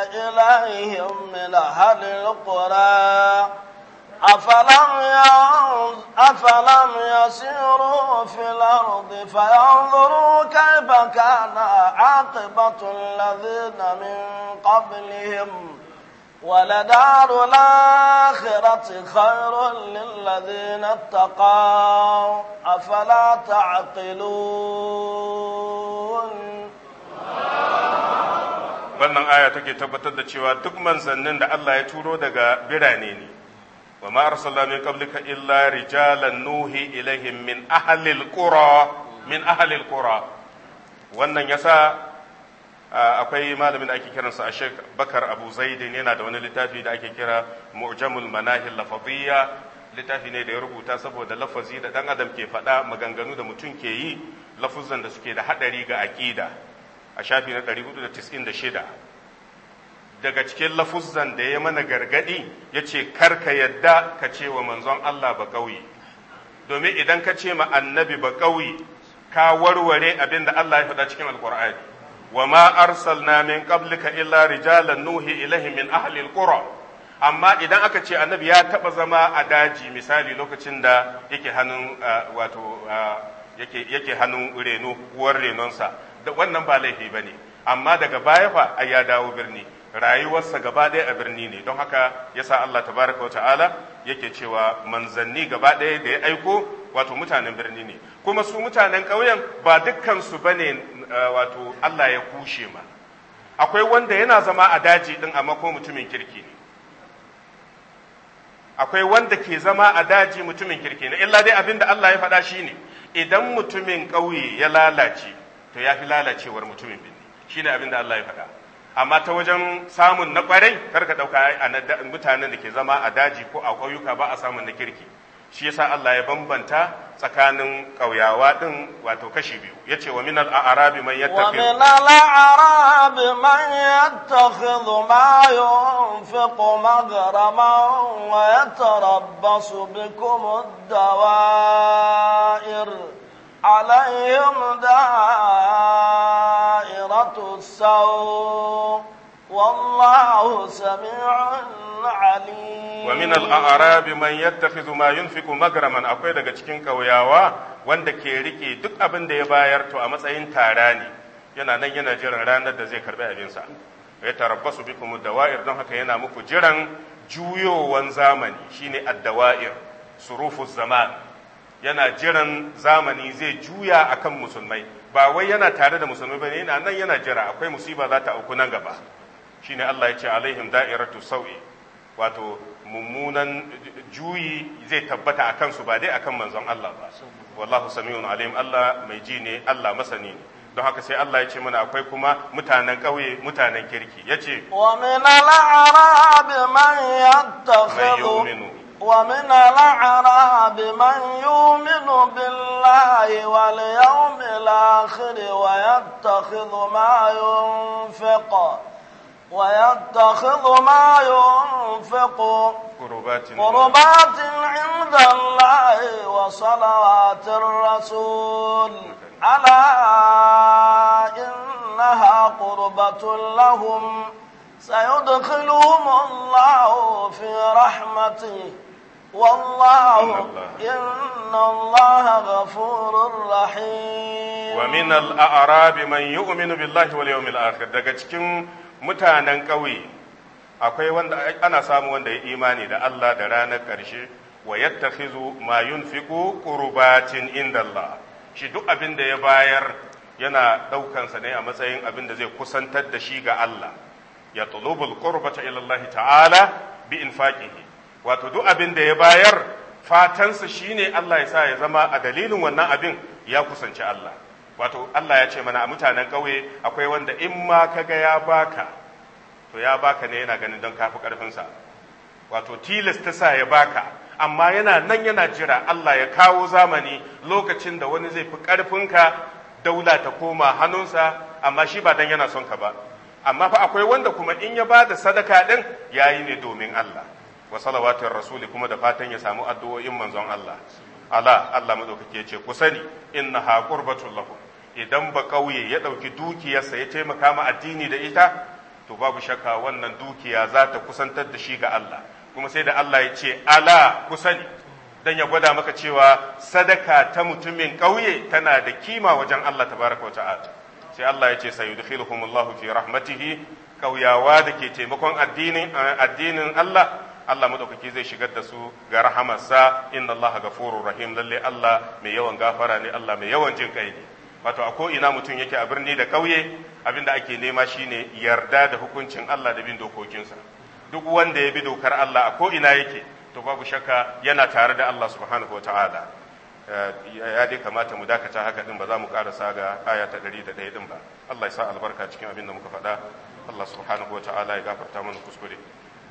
ilayhim min ahli al أفلم يروا أفلم يسيروا في الأرض فينظروا كيف كان عاقبة الذين من قبلهم ولدار الآخرة خير للذين اتقوا أفلا تعقلون wannan aya take tabbatar da cewa duk manzannin da Allah ya turo daga birane ne wa ma arsalna min qablika illa rijalan nuhi ilaihim min ahlil qura min ahlil qura wannan yasa akwai malamin da ake kiransa a shek Bakar Abu Zaidin yana da wani littafi da ake kira Mu'jamul Manahil Lafadiyya littafi ne da ya rubuta saboda lafazi da dan adam ke faɗa maganganu da mutum ke yi lafuzan da suke da hadari ga aƙida a shafi na 496 daga cikin lafuzzan da ya mana gargadi ya ce karka yadda ka ce wa manzon Allah ba ƙauye domin idan ka ce ma annabi ba ƙauye ka warware abin da Allah ya faɗa cikin alƙur'ani wa ma arsalna min qablika illa rijalan nuhi ilahi min ahli alqura amma idan aka ce annabi ya taɓa zama a daji misali lokacin da yake hannun ah, wato ah, yake hannun reno uwar renonsa wannan ba laifi bane amma daga baya fa ai ya dawo birni rayuwarsa gaba ɗaya a birni ne don haka ya sa Allah tabaraka ta'ala yake cewa manzanni gaba ɗaya da ya aiko wato mutanen birni ne kuma su mutanen ƙauyen ba dukkan su ne eh, wato Allah ya kushe ma akwai wanda yana zama a daji din amma ko mutumin kirki ne akwai wanda ke zama a daji mutumin kirki ne illa dai abin da Allah ya faɗa shi ne. idan mutumin ƙauye ya lalace to ya fi lalacewar mutumin birni shine abin da Allah ya faɗa amma ta wajen samun na kwarai kar ka dauka a mutanen da ke zama a daji ko a ƙauyuka ba a samun na kirki shi yasa Allah ya bambanta tsakanin ƙauyawa din wato kashi biyu yace wa minal a'rabi man yattakhidhu wa minal a'rabi man yattakhidhu ma yunfiqu maghraman wa yatarabbasu bikum ad-dawa'ir عليهم دائرة السوء والله سميع عليم ومن الأعراب من يتخذ ما ينفق مغرما akwai daga cikin ƙauyawa wanda ke rike duk abin da ya bayar to a matsayin tara yana nan yana jiran ranar da zai karbi abin sa ya tarabbasu bikum dawa'ir don haka yana muku jiran juyowan zamani shine ad-dawa'ir surufu zaman yana jiran zamani zai juya akan musulmai ba wai yana tare da musulmai bane yana nan yana jira akwai musiba za ta auku nan gaba shine Allah ya ce alaihim da'iratu sau'i wato mummunan juyi zai tabbata a su ba dai akan manzon Allah ba wallahu samiun alim Allah mai ji ne Allah masani ne don haka sai Allah ya ce mana akwai kuma mutanen ƙauye mutanen kirki ya ce wa min al'arabi man yattakhidhu ومن الأعراب من يؤمن بالله واليوم الآخر ويتخذ ما ينفق ويتخذ ما ينفق قربات, قربات عند الله وصلوات الرسول ألا إنها قربة لهم سيدخلهم الله في رحمته والله إن الله غفور رحيم ومن الأعراب من يؤمن بالله واليوم الآخر daga cikin mutanen ƙauye akwai wanda ana samu wanda ya imani da Allah da ranar ƙarshe wa yattakhizu ma yunfiqu qurbatin indallah shi duk abin da ya bayar yana ɗaukansa ne a matsayin abin da zai kusantar da shi ga Allah ya tulubul qurbata ila Allah ta'ala bi infaqihi wato duk abin da ya bayar fatansa shine Allah ya sa ya zama a dalilin wannan abin ya kusanci Allah wato Allah ya ce mana a mutanen ƙauye akwai wanda in ma kaga ya baka to ya baka ne yana ganin don kafi ƙarfinsa wato tilasta sa ya baka amma yana nan yana jira Allah ya kawo zamani lokacin da wani zai fi ƙarfinka daula ta koma hannunsa amma shi ba dan yana son ka ba amma fa akwai wanda kuma in ya ba da sadaka ɗin ya yi ne domin Allah wa salawatin rasuli kuma da fatan ya samu addu'o'in manzon Allah ala Allah madaukake ya ce ku sani ha qurbatul lakum idan ba kauye ya dauki dukiyarsa ya taimaka ma addini da ita to babu shakka wannan dukiya za ta kusantar da shi ga Allah kuma sai da Allah ya ce ala ku sani dan ya gwada maka cewa sadaka ta mutumin kauye tana da kima wajen Allah tabaraka wa ta'ala sai Allah ya ce sayudkhiluhumullahu fi rahmatihi kauyawa da ke taimakon addinin eh, addinin Allah Allah madaukaki zai shigar da su ga rahamarsa inna Allah gafurur rahim lalle Allah mai yawan gafara ne Allah mai yawan jin kai ne wato a ko ina mutum yake a birni da ƙauye da ake nema shine yarda da hukuncin Allah da bin dokokinsa duk wanda ya bi dokar Allah a ko ina yake to babu shakka yana tare da Allah subhanahu wataala eh, ya dai kamata mu dakata haka din ba za mu karasa ga aya ta 101 din ba Allah ya sa albarka cikin abin da muka faɗa Allah subhanahu wataala ya gafarta mana kuskure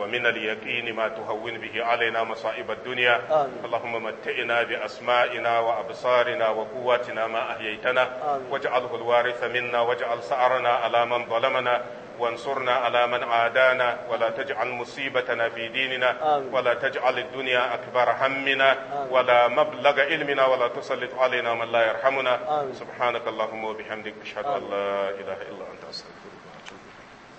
ومن اليقين ما تهون به علينا مصائب الدنيا آمين. اللهم متئنا بأسمائنا وأبصارنا وقواتنا ما أحييتنا واجعله الوارث منا واجعل سعرنا على من ظلمنا وانصرنا على من عادانا ولا تجعل مصيبتنا في ديننا آمين. ولا تجعل الدنيا أكبر همنا آمين. ولا مبلغ علمنا ولا تسلط علينا من لا يرحمنا آمين. سبحانك اللهم وبحمدك أشهد أن لا إله إلا أنت أستغفرك